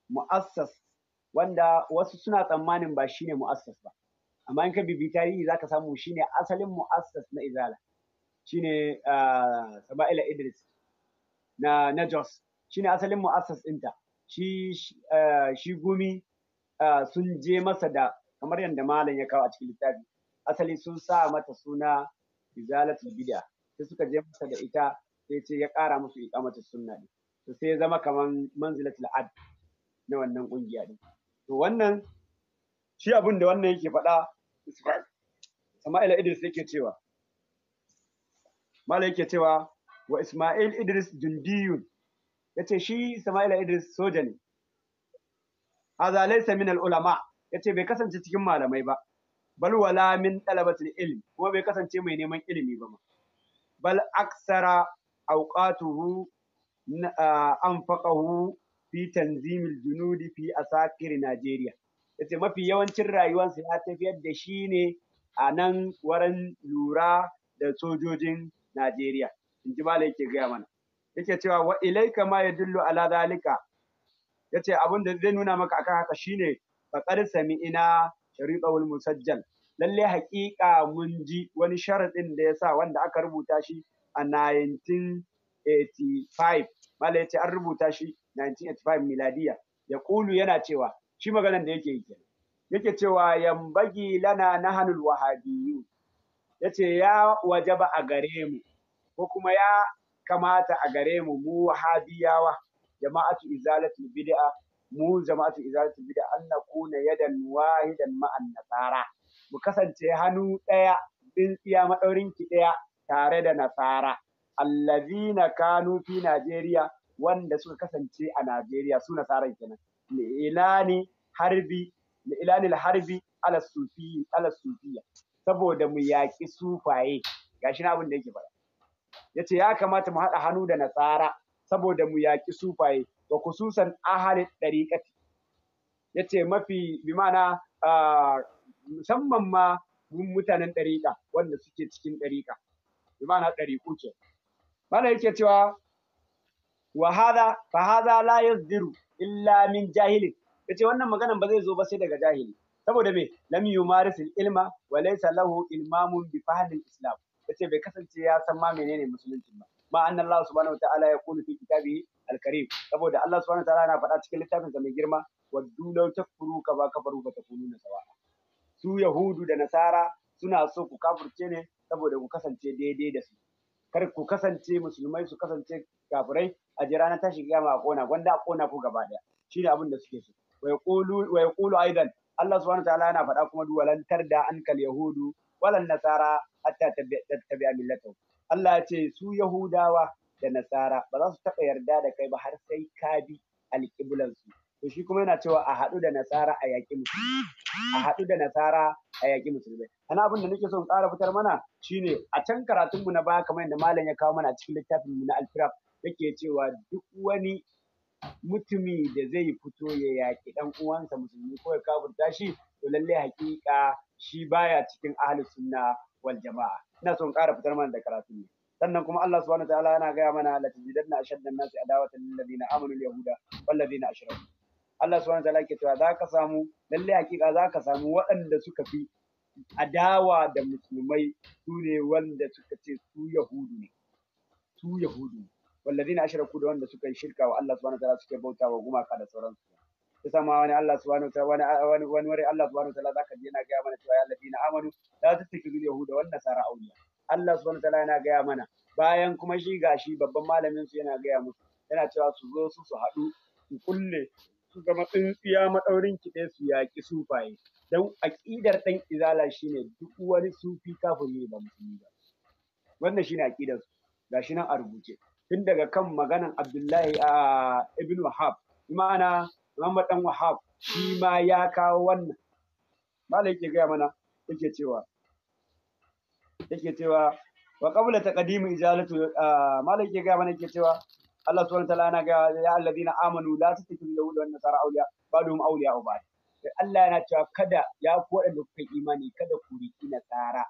mu'assas wanda wasu suna tsammanin ba shine mu'assas ba amma in ka bibi tarihi zaka samu shine asalin mu'assas na izala shine ah, Sama'ila Idris na na Jos shine asalin mu'assas ɗinta shi ah, shi gumi ah, sun je masa da kamar yadda malam ya kawo a cikin littafi asali sun sa mata suna izalatu bid'a sai suka je masa da ita sai ce ya ƙara musu iqamatus sunna suna. to sai ya zama kaman manzilatul ad na wannan kungiya din to wannan shi abin da wannan yake faɗa Isma'il Idris yake cewa Mala yake cewa wa Ismail Idris jundiyun yace shi Isma'il Idris soja ne hadha laysa min al-ulama yace bai kasance cikin malamai ba bal wala min talabatil ilm kuma bai kasance mai neman ilimi ba bal aksara awqatuhu anfaqahu fi tanzimil junudi fi asakir Najeriya. Yace mafi yawancin rayuwarsa ya tafiyar da shi ne a nan wurin lura da sojojin Najeriya. In ji Malam yake gaya mana. Yake cewa wa ilaika ma ya ala zalika. Yace abin da zai nuna maka akan haka shine faqad sami'ina shariqul musajjal. Lalle haƙiƙa mun ji wani sharaɗin da ya sa wanda aka rubuta shi a 1985. Malam yace an rubuta shi 1985 miladiya ya kulu yana cewa shi maganan da yake yi yake cewa yambagi lana hannun wahabiyu yace ya wajaba a gare mu ko kuma ya kamata a gare mu mu wahabiyawa jama'atu izalatul bid'a mu jama'atu izalatul bid'a an nakuna yadan wahidan ma'an nasara mu kasance hannu ɗaya tsintsiya maɗaurin ki ɗaya tare da nasara allazina kanu fi najeriya wanda suka kasance a Najeriya su nasaran kenan li'ilani harbi li'ilani harbi ala sufi ala sufiya saboda mu yaƙi sufaye shi na abin da yake faɗa ce ya kamata mu haɗa hannu da nasara saboda mu yaƙi sufaye wa kususan ahali ɗariƙati ce mafi bi musamman ma mutanen ɗariƙa wanda suke cikin ɗariƙa bi mana ɗariƙu ke mana yake cewa wa hadha fa hadha la yuzdiru illa min jahilin yace wannan maganan ba zai zo ba sai daga jahili saboda me lam yumaris ilma wa laysa lahu ilmamun bi fahmi islam yace bai kasance ya san ma menene musulunci ba ma anna Allah subhanahu Ta'ala ya kulu fi kitabi al-karim saboda Allah subhanahu ta'ala yana faɗa cikin littafin sa mai girma wa dulau takfuru ka ba kafaru ba na sawa su yahudu da nasara suna so ku kafirce ne saboda ku kasance daidai da su kar ku kasance musulmai su kasance kafirai a je ranar tashi kiyama a kona gwanda a kona ku gaba daya shine abin da suke so Wai Kulu wa aidan Allah subhanahu wataala yana faɗa kuma duwalan tarda ankal yahudu walan nasara hatta tattabi'a millatahu Allah ya ce su yahudawa da nasara ba za su taɓa yarda da kai ba har sai ka bi su to shi kuma yana cewa a haɗu da nasara a yaƙi musulmai a haɗu da nasara a yaƙi ana abin da nake so in ƙara fitar mana shine a can karatun mu na baya kamar yadda malam ya kawo mana a cikin littafin mu na alfiraf take cewa duk wani mutumi da zai fito ya yaƙi ɗan uwansa musulmi ko ya kafurta shi to lallai haƙiƙa shi baya cikin ahlus sunna wal jama'a ina son ƙara fitar mana da karatu ne sannan kuma Allah subhanahu Ta'ala yana gaya mana la tajidanna ashaddan nasi adawatan lil ladina amanu al yahuda wal ladina ashraku Allah subhanahu ta'ala yake cewa zaka samu lallai haƙiƙa zaka samu waɗanda suka fi adawa da musulmai su ne wanda suka ce su yahudu ne su yahudu ne walladina ashraku da wanda suka yi shirka wa Allah subhanahu wataala suke bauta wa gumaka da sauransu kusa ma wani Allah subhanahu wataala wani wani wani wani Allah subhanahu wataala zaka ji yana gaya mana cewa ya alladina amanu la tattakhidul yahuda wan nasara awliya Allah subhanahu wataala yana gaya mana bayan kuma shi gashi babban malamin su yana gaya musu yana cewa su zo su su haɗu su kulle su zama tsintsiya madaurin kiɗe su yaƙi sufaye dan aƙidar ɗan izala shine duk wani sufi kafiri ba musulmi ba wannan shine aƙidar su gashi nan a rubuce tun daga kan maganan Abdullahi a Ibn Wahab imana Muhammad dan Wahab shi ma ya kawo wannan malai yake gaya mana yake cewa yake cewa wa qabla taqdimi ijalatu malai yake gaya mana yake cewa Allah subhanahu wa ta'ala yana ga ya alladhina amanu la tattakhidhu yahud wa nasara awliya ba'dhum awliya wa ba'd Allah yana cewa kada ya ku waɗanda kuka imani kada ku riki nasara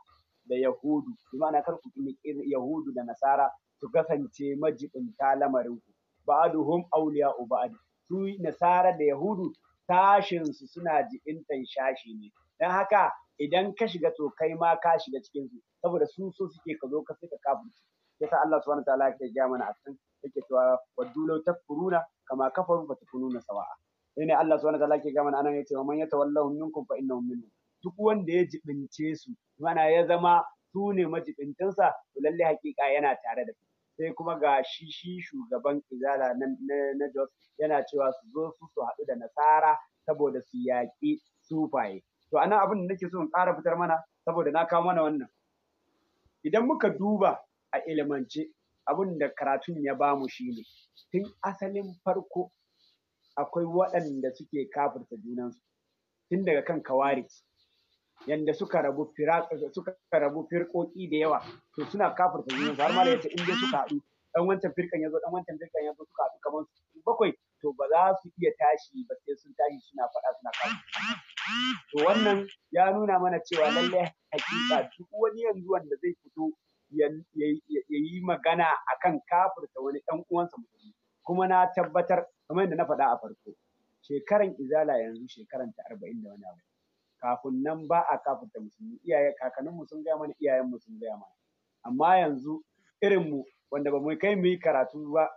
da yahudu imana kar ku riki yahudu da nasara su kasance majibinta lamarin ku ba'aduhum awliya'u ba'd su nasara da yahudu tashin su suna jibintan shashi ne dan haka idan ka shiga to kai ma ka shiga cikin su saboda su so suke ka zo ka sai ka kafirci yasa Allah subhanahu wataala yake ja mana a cikin yake cewa waddu law takfuruna kama kafaru fatakununa sawa'a Sai ne Allah subhanahu wataala yake ga mana anan yace wa man yatawallahu minkum fa innahu minhum duk wanda ya jibince su mana ya zama su ne majibintansa to lalle hakika yana tare da su sai kuma ga shi shi shugaban izala na Jos yana cewa su zo su su haɗu da nasara saboda su yaƙi sufaye to anan abin da nake so in ƙara fitar mana saboda na kawo mana wannan idan muka duba a ilimance abin da karatun ya bamu shine tun asalin farko akwai waɗanda suke kafirta junansu tun daga kan kawarici yanda suka rabu suka rabu firkoki da yawa to suna kafirta junan har ma da yace in suka haɗu dan wancan firkan yazo dan wancan firkan yazo suka haɗu kamar su bakwai to ba za su iya tashi ba sai sun tashi suna faɗa suna kafirta to wannan ya nuna mana cewa lallai hakika duk wani yanzu wanda zai fito ya yi magana akan kafirta wani ɗan uwansa musulmi kuma na tabbatar kamar yadda na faɗa a farko shekaran izala yanzu shekaran ta arba'in da wani abu kafin nan ba a kafinta musulmi iyaye kakanninmu sun gaya mana iyayenmu sun gaya mana amma yanzu irinmu wanda ba mu kai mu yi karatu ba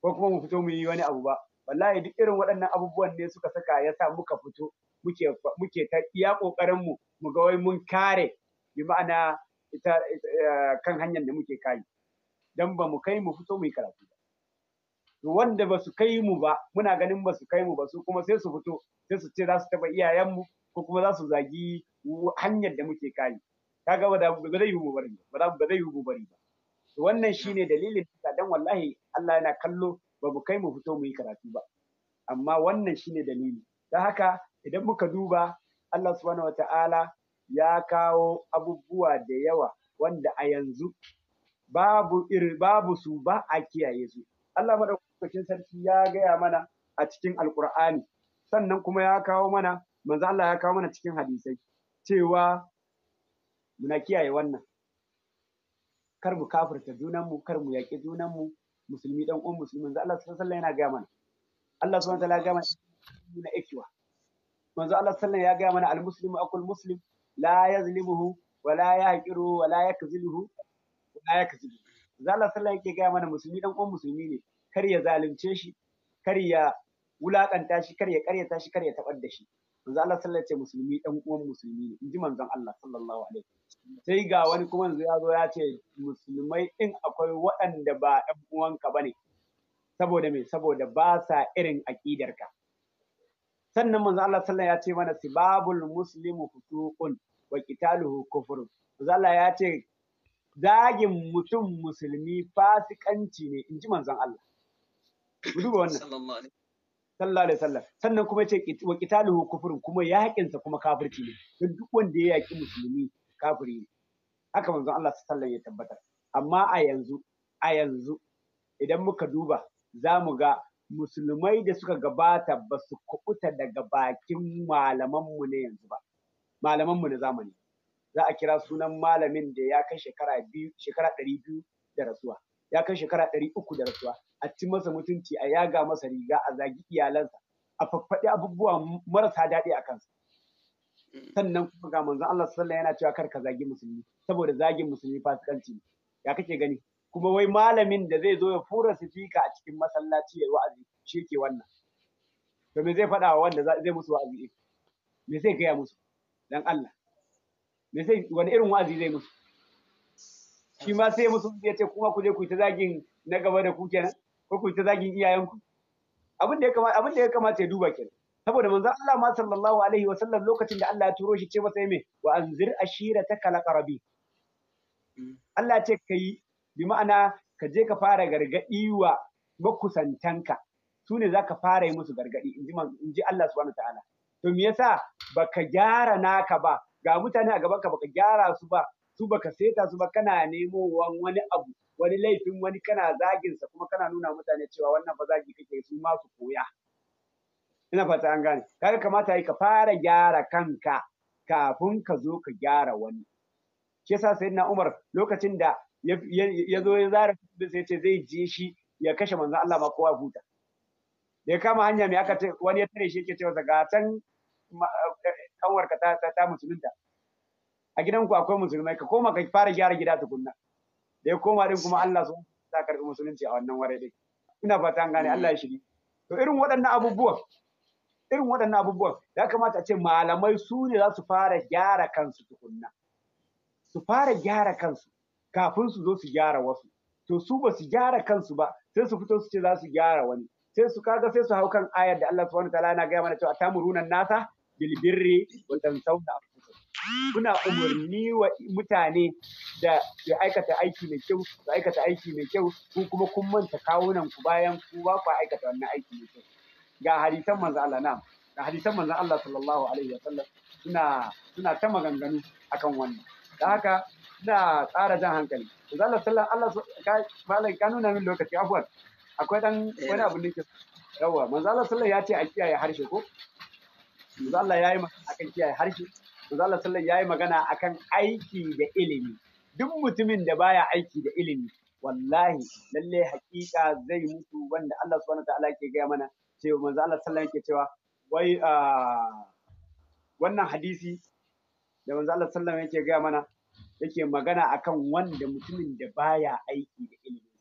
ko kuma mu fito mu yi wani abu ba wallahi duk irin waɗannan abubuwan ne suka saka ya sa muka fito muke muke ta iya kokarin mu mu ga wai mun kare bi ma'ana ita eh, kan hanyar da muke kai dan ba mu kai mu fito mu yi karatu ba to wanda ba su kai mu ba muna ganin ba su kai mu ba su kuma sai su fito sai su ce za su taba iyayenmu ko kuma za su zagi hanyar da muke kare kaga ba ba zai yi bari ba ba zai yi bari ba to wannan shine dalilin da dan wallahi Allah yana kallo ba mu kai mu fito mu yi karatu ba amma wannan shine dalili dan haka idan muka duba Allah subhanahu wata'ala ya kawo abubuwa da yawa wanda a yanzu babu iri babu su ba a kiyaye su Allah madaukakin sarki ya gaya mana a cikin alkur'ani sannan kuma ya kawo mana manzo Allah ya kawo mana cikin hadisai cewa muna kiyaye wannan kar mu kafirta junanmu kar mu yaƙi junanmu musulmi dan uwan musulmi manzo Allah sallallahu alaihi yana ga mana Allah subhanahu wa ta'ala ga mana na ikiwa manzo Allah sallallahu ya ga mana al-muslimu aqul muslim la yazlimuhu wa la yahqiruhu wa la yakziluhu wa la yakziluhu manzo Allah sallallahu yake ga mana musulmi dan uwan musulmi ne kar ya zalunce shi kar ya wulakanta shi kar ya karyata shi kar ya tabar da shi manzo Allah sallallahu alaihi musulmi dan uwan musulmi ne inji manzo Allah sallallahu alaihi sai ga wani kuma yanzu ya zo ya ce musulmai in akwai waɗanda ba ɗan uwanka bane saboda me saboda ba sa irin aƙidarka sannan manzo Allah sallallahu ya ce mana sibabul muslimu futuqun wa qitaluhu kufur manzo Allah ya ce zagin mutum musulmi fasikanci ne inji manzo Allah ku duba wannan sallallahu alaihi wasallam sannan kuma yace wa qitaluhu kufrun kuma yakin sa kuma kafirci ne don duk wanda ya yaki musulmi kafiri ne haka manzon Allah sallallahu ya tabbatar amma a yanzu a yanzu idan muka duba za mu ga musulmai da suka gabata ba su kubuta daga bakin malamanmu ne yanzu ba malamanmu na zamani za a kira sunan malamin da ya kai shekara biyu shekara ɗari biyu da rasuwa ya kai shekara ɗari uku da rasuwa a ci masa mutunci a yaga masa riga a zagi iyalansa a faffaɗi abubuwa marasa daɗi a kansa mm. sannan kuma ga manzon Allah sallallahu yana cewa kar ka zagi musulmi saboda zagin musulmi fasikanci ne ya kake gani kuma wai malamin da zai zo ya fura sifika a cikin masallaci ya wa'azi shi ke wannan to me zai faɗa wa wanda zai musu wa'azi me zai gaya musu dan Allah me zai wani irin wa'azi zai musu shi ma sai musu ya ce kuma ku je ku ta zagin na gaba da ku kenan ko ku ta zagin iyayenku abin da ya kamata abin da ya kamata ya duba kenan saboda manzon Allah ma sallallahu alaihi wa sallam lokacin da Allah ya turo shi ce masa me wa anzir ashirata kalqarabi Allah ce kai bi ma'ana ka je ka fara gargadi wa makusantanka su ne za ka fara yi musu gargadi in ji Allah subhanahu ta'ala to me yasa baka gyara naka ba ga mutane a gaban ka baka gyara su ba su baka seta su ba kana nemo wani abu wani laifin wani kana zaginsa kuma kana nuna mutane cewa wannan fa zagi kake su ma su koya ina fata an gane kaga kamata yi ka fara gyara kanka kafin ka zo ka gyara wani shi yasa sayyidina Umar lokacin da ya zo ya zara sai ce zai je shi ya kashe manzon Allah ma kowa huta da ya kama hanya mai aka wani ya tare shi yake cewa ga can eh, kanwarka ta musulunta a gidan ku akwai musulmai ka koma ka fara gyara gida tukunna da ya koma din kuma Allah sun sa karɓi musulunci a wannan ware din ina fata an gane Allah ya shiri to irin waɗannan abubuwan irin waɗannan abubuwan ya kamata a ce malamai su ne za su fara gyara kansu tukunna su fara gyara kansu kafin su zo su gyara wasu to su ba su gyara kansu ba sai su fito su ce za su gyara wani sai su kaga sai su hau kan ayar da Allah subhanahu wataala yana gaya mana cewa tamuruna nasa bilbirri wa tansawna Kuna umarni wa mutane da ya aikata aiki mai kyau su aikata aiki mai kyau ku kuma kun manta kawunan ku bayan ku ba ku aikata wannan aiki mai kyau ga hadisan manzo Allah na ga hadisan manzo Allah sallallahu alaihi wa sallam suna suna ta maganganu akan wannan da haka ina tsara jan hankali manzo Allah sallallahu Allah malai ka nuna min lokaci afwan akwai dan wani abu ne ke yawa manzo Allah sallallahu ya ce a kiyaye harshe ko manzo Allah ya yi akan kiyaye harshe Zala Sallar ya yi magana akan aiki da ilimi duk mutumin da baya aiki da ilimi wallahi lalle haƙiƙa zai mutu wanda Allah subhanahu ta'ala ke gaya mana cewa manzo Allah sallallahu yake cewa wai ah, wannan hadisi da manzo Allah sallallahu yake gaya mana yake magana akan wanda mutumin da baya aiki da ilimi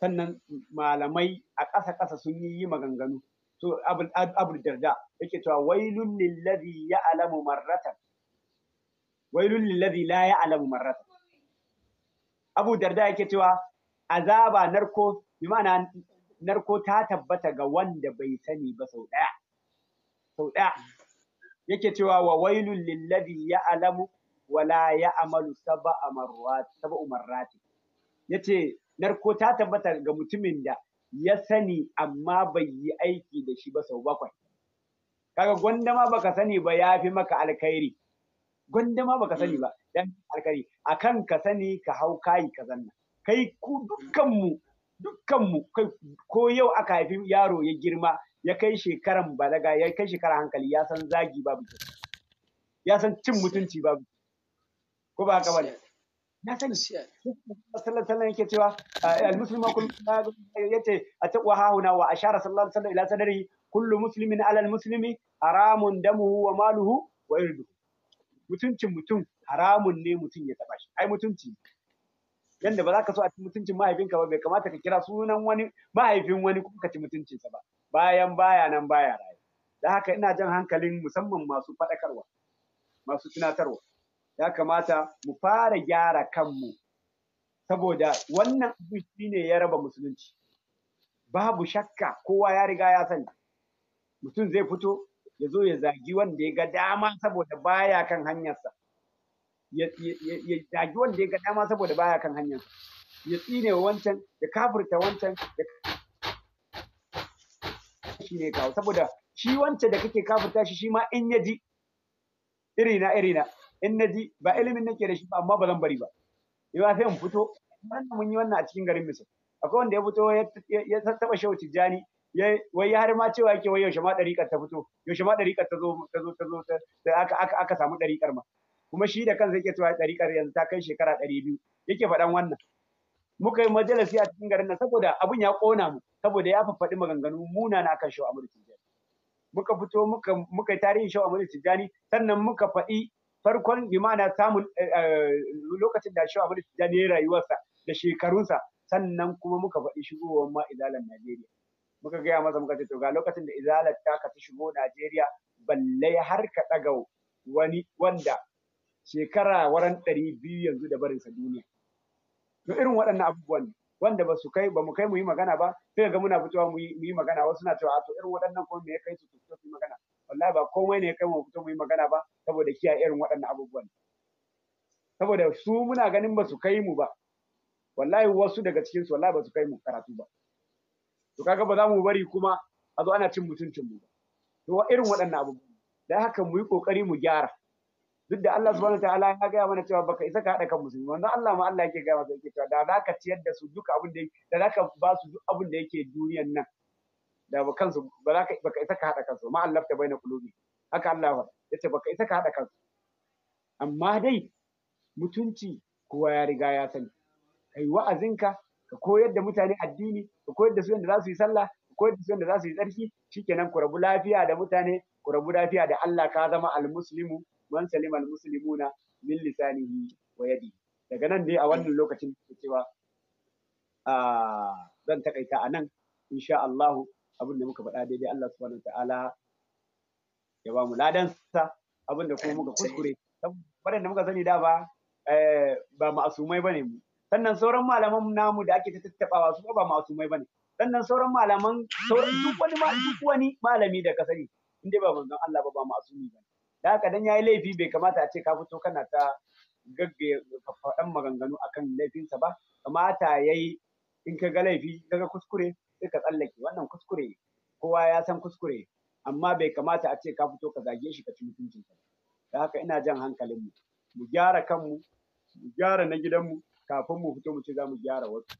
sannan malamai a ƙasa ƙasa sun yi maganganu to abul darda yake cewa wailun lillazi ya'lamu marratan wailun lillazi la ya'lamu marratan abu darda yake cewa azaba narko bi ma'ana narko ta tabbata ga wanda bai sani ba sau daya sau daya yake cewa wa wailun lillazi ya'lamu wala ya'malu sab'a marrat sab'u marrat yace narko ta tabbata ga mutumin da ya sani amma bai yi aiki da shi ba sau bakwai kaga gwanda ma baka sani ba ya fi maka alkhairi gwanda ma baka sani ba dan alkhairi kan ka sani ka hau kayi ka zanna kai ku dukkanmu dukkanmu kai ko yau aka haifi yaro ya girma ya kai shekaran balaga ya kai shekaran hankali ya san zagi babu ya san cin mutunci babu ko ba haka bane na sani sallallahu alaihi yake cewa ah, al-muslimu kullu yace ataqwa hauna wa ashara sallallahu alaihi ila sadri kullu muslimin ala al-muslimi haramun damuhu wa maluhu wa irduhu mutuncin mutum haramun ne mutum ya taba shi ai mutunci yanda ba za ka so a ci mutuncin mahaifinka ba bai kamata ka kira sunan wani mahaifin wani kuma ka ci mutuncinsa ba bayan baya nan baya raye da haka ina jan hankalin musamman masu faɗakarwa masu tunatarwa ya kamata mu fara gyara kanmu saboda wannan shi ne ya raba musulunci babu shakka kowa ya riga ya sani mutum zai fito ya zo ya zagi wanda ya ga dama saboda baya kan hanyarsa ya zagi wanda ya ga dama saboda baya kan hanyarsa ya tsine wancan ya kafirta wancan ya shi ne kawo saboda shi wancan da kake kafirta shi shi ma in ya ji irina irina in na ji ba ilimin nake da shi ba amma ba zan bari ba yawa sai in fito wannan mun yi wannan a cikin garin misal akwai wanda ya fito ya taɓa shehu tijjani wai ya har ma cewa yake wai yaushe ma ɗariƙar ta fito yaushe ma ɗariƙar ta zo ta zo ta zo aka aka samu ɗariƙar ma kuma shi da kansa yake cewa ɗariƙar yanzu ta kai shekara ɗari biyu yake faɗan wannan muka yi majalisi a cikin garin nan saboda abun ya ƙona mu saboda ya faɗi maganganu munana akan shehu amadu tijjani muka fito muka muka yi tarihin shehu amadu tijjani sannan muka faɗi farkon bi samun eh, eh, lokacin da shi abin da ne rayuwarsa da shekarunsa sannan kuma muka faɗi shigowar ma izalar Najeriya muka gaya masa muka ce to ga lokacin da izalar ta kasu shigo Najeriya balle har ka ɗaga wani wanda shekara waran ɗari biyu yanzu da barinsa duniya to irin waɗannan abubuwan wanda ba su kai ba mu kai mu yi magana ba sai ga muna fitowa mu yi magana wasu na cewa to irin waɗannan kuma me ya kai su su yi magana wallahi ba komai ne kai mu fito mu yi magana ba saboda kiyaye irin waɗannan abubuwan saboda su muna ganin ba su kai mu ba wallahi wasu daga cikin su wallahi ba su kai mu karatu ba to kaga ba za mu bari kuma a zo ana cin mutuncin mu ba to irin waɗannan abubuwan dan haka mu yi kokari mu gyara duk da Allah subhanahu wataala ya gaya mana cewa baka isa ka haɗa kan musulmi Wannan Allah ma Allah yake gaya masa yake cewa da za ka ciyar da su duka abin da da za ka ba su duk abin da yake duniyan nan da ba kansu ba za ka baka isa ka haɗa kansu ma ta bayyana kulubi haka Allah ya ce baka isa ka haɗa kansu amma dai mutunci kowa ya riga ya sani kai wa'azinka ka koyar da mutane addini ka koyar da su yadda za su yi sallah ka koyar da su yadda za su yi tsarki shikenan ku rabu lafiya da mutane ku rabu lafiya da Allah ka zama almuslimu man salima almuslimuna min lisanihi wa yadi daga nan dai a wannan lokacin da cewa ah, zan takaita a nan insha Allahu abin da muka faɗa daidai Allah subhanahu ta'ala ya ba mu ladansa abin da kuma muka kuskure da muka sani da ba eh, ba ma'asumai bane mu sannan sauran malaman namu da ake tattabawa su ba ma'asumai bane sannan sauran malaman duk wani duk wani malami da ka sani in dai ba manzon Allah ba ba ma'asumi bane da haka dan yayi laifi bai kamata a ce ka fito kana ta gagge faɗan maganganu akan laifinsa ba kamata yayi in ka ga laifi ka ga kuskure sai ka tsallake wannan kuskure kowa ya san kuskure amma bai kamata a ce ka fito ka zage shi ka ci mutuncin ka da haka ina jan hankalin mu mu gyara kanmu mu gyara na gidanmu kafin mu fito mu ce za mu gyara wasu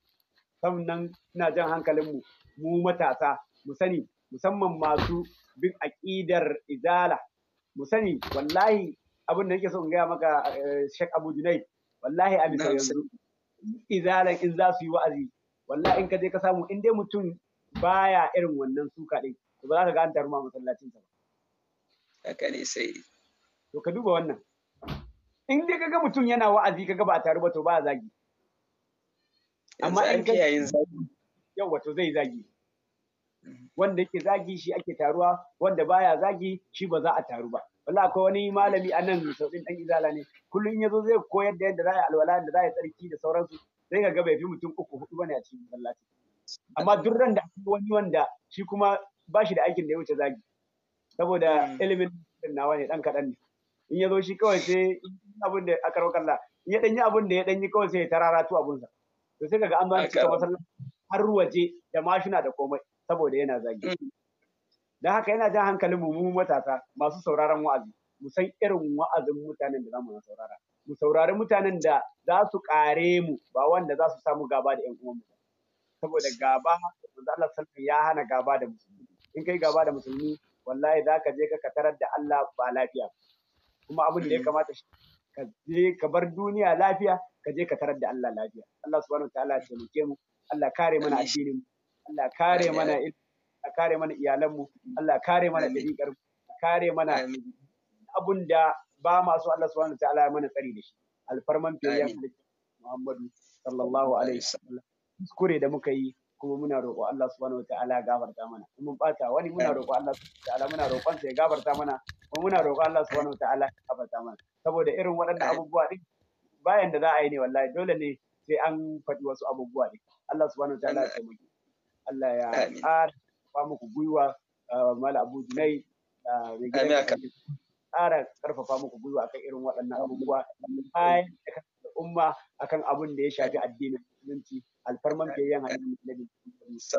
sannan ina jan hankalin mu mu matasa mu sani musamman masu bin aqidar izala mu sani wallahi abin da nake so in gaya maka eh, Sheikh Abu Junaid wallahi a bisa yanzu izalan in za su yi wa'azi wallahi in ka je ka samu in dai mutum baya irin wannan suka din to ba za ka ga an taru ma masallacin ka. ba haka ne sai to ka duba wannan in dai kaga mutum yana wa'azi kaga ba a taru ba to ba zagi amma in ka yayin zagi yawa to zai zagi mm-hmm. wanda yake zagi shi ake taruwa wanda baya zagi shi ba za a taru ba wala akwai wani malami a nan sau ɗin ɗan izala ne kullum Yazo zai koyar da yadda za a alwala da za a tsarki da sauransu sai ka ga bai fi mutum uku hudu bane a cikin masallaci amma duk ran da wani wanda shi kuma ba shi da aikin da ya wuce zagi saboda hmm. ilimin nawa ne dan kaɗan ne in ya zo shi kawai sai abin da aka rokar la in ya danyi abin da ya danyi kawai sai ya abin sa to sai kaga an ba shi cika masallaci har waje da mashina da komai saboda yana zagi hmm. don haka yana jan hankalin mu matasa masu sauraron wa'azi mu san irin wa'azin mutanen da zamu saurara mu saurari mutanen da za su kare mu ba wanda za su samu gaba da ƴan uwanmu saboda gaba manzo Allah sallallahu ya hana gaba da musulmi in kai gaba da musulmi wallahi za ka je ka tarar da Allah ba lafiya kuma abin da ya kamata ka je ka bar duniya lafiya ka je ka tarar da Allah lafiya Allah subhanahu wataala ya taimake mu Allah kare mana addinin mu Allah kare mana Allah kare mana iyalan mu Allah kare mana dabi'ar mu kare mana abun da ba masu Allah subhanahu wa ta'ala ya mana tsari da shi alfarman fiyayyen Muhammadu sallallahu alaihi wasallam kuskure da muka yi kuma muna roƙo Allah subhanahu ta'ala ya gafarta mana in mun bata wani muna roƙo Allah subhanahu ta'ala muna roƙon sa ya gafarta mana kuma muna roƙo Allah subhanahu ta'ala ya gafarta mana saboda irin waɗannan abubuwa din bayan da za a yi ne wallahi dole ne sai an faɗi wasu abubuwa din Allah subhanahu ta'ala ya taimake Allah ya ƙara ba muku gwiwa ah, mala abu junai ah, mai ƙara ƙarfafa muku gwiwa akan irin waɗannan abubuwa bayan da da umma akan abun da ya shafi addinin musulunci alfarman fiyayyen hadisi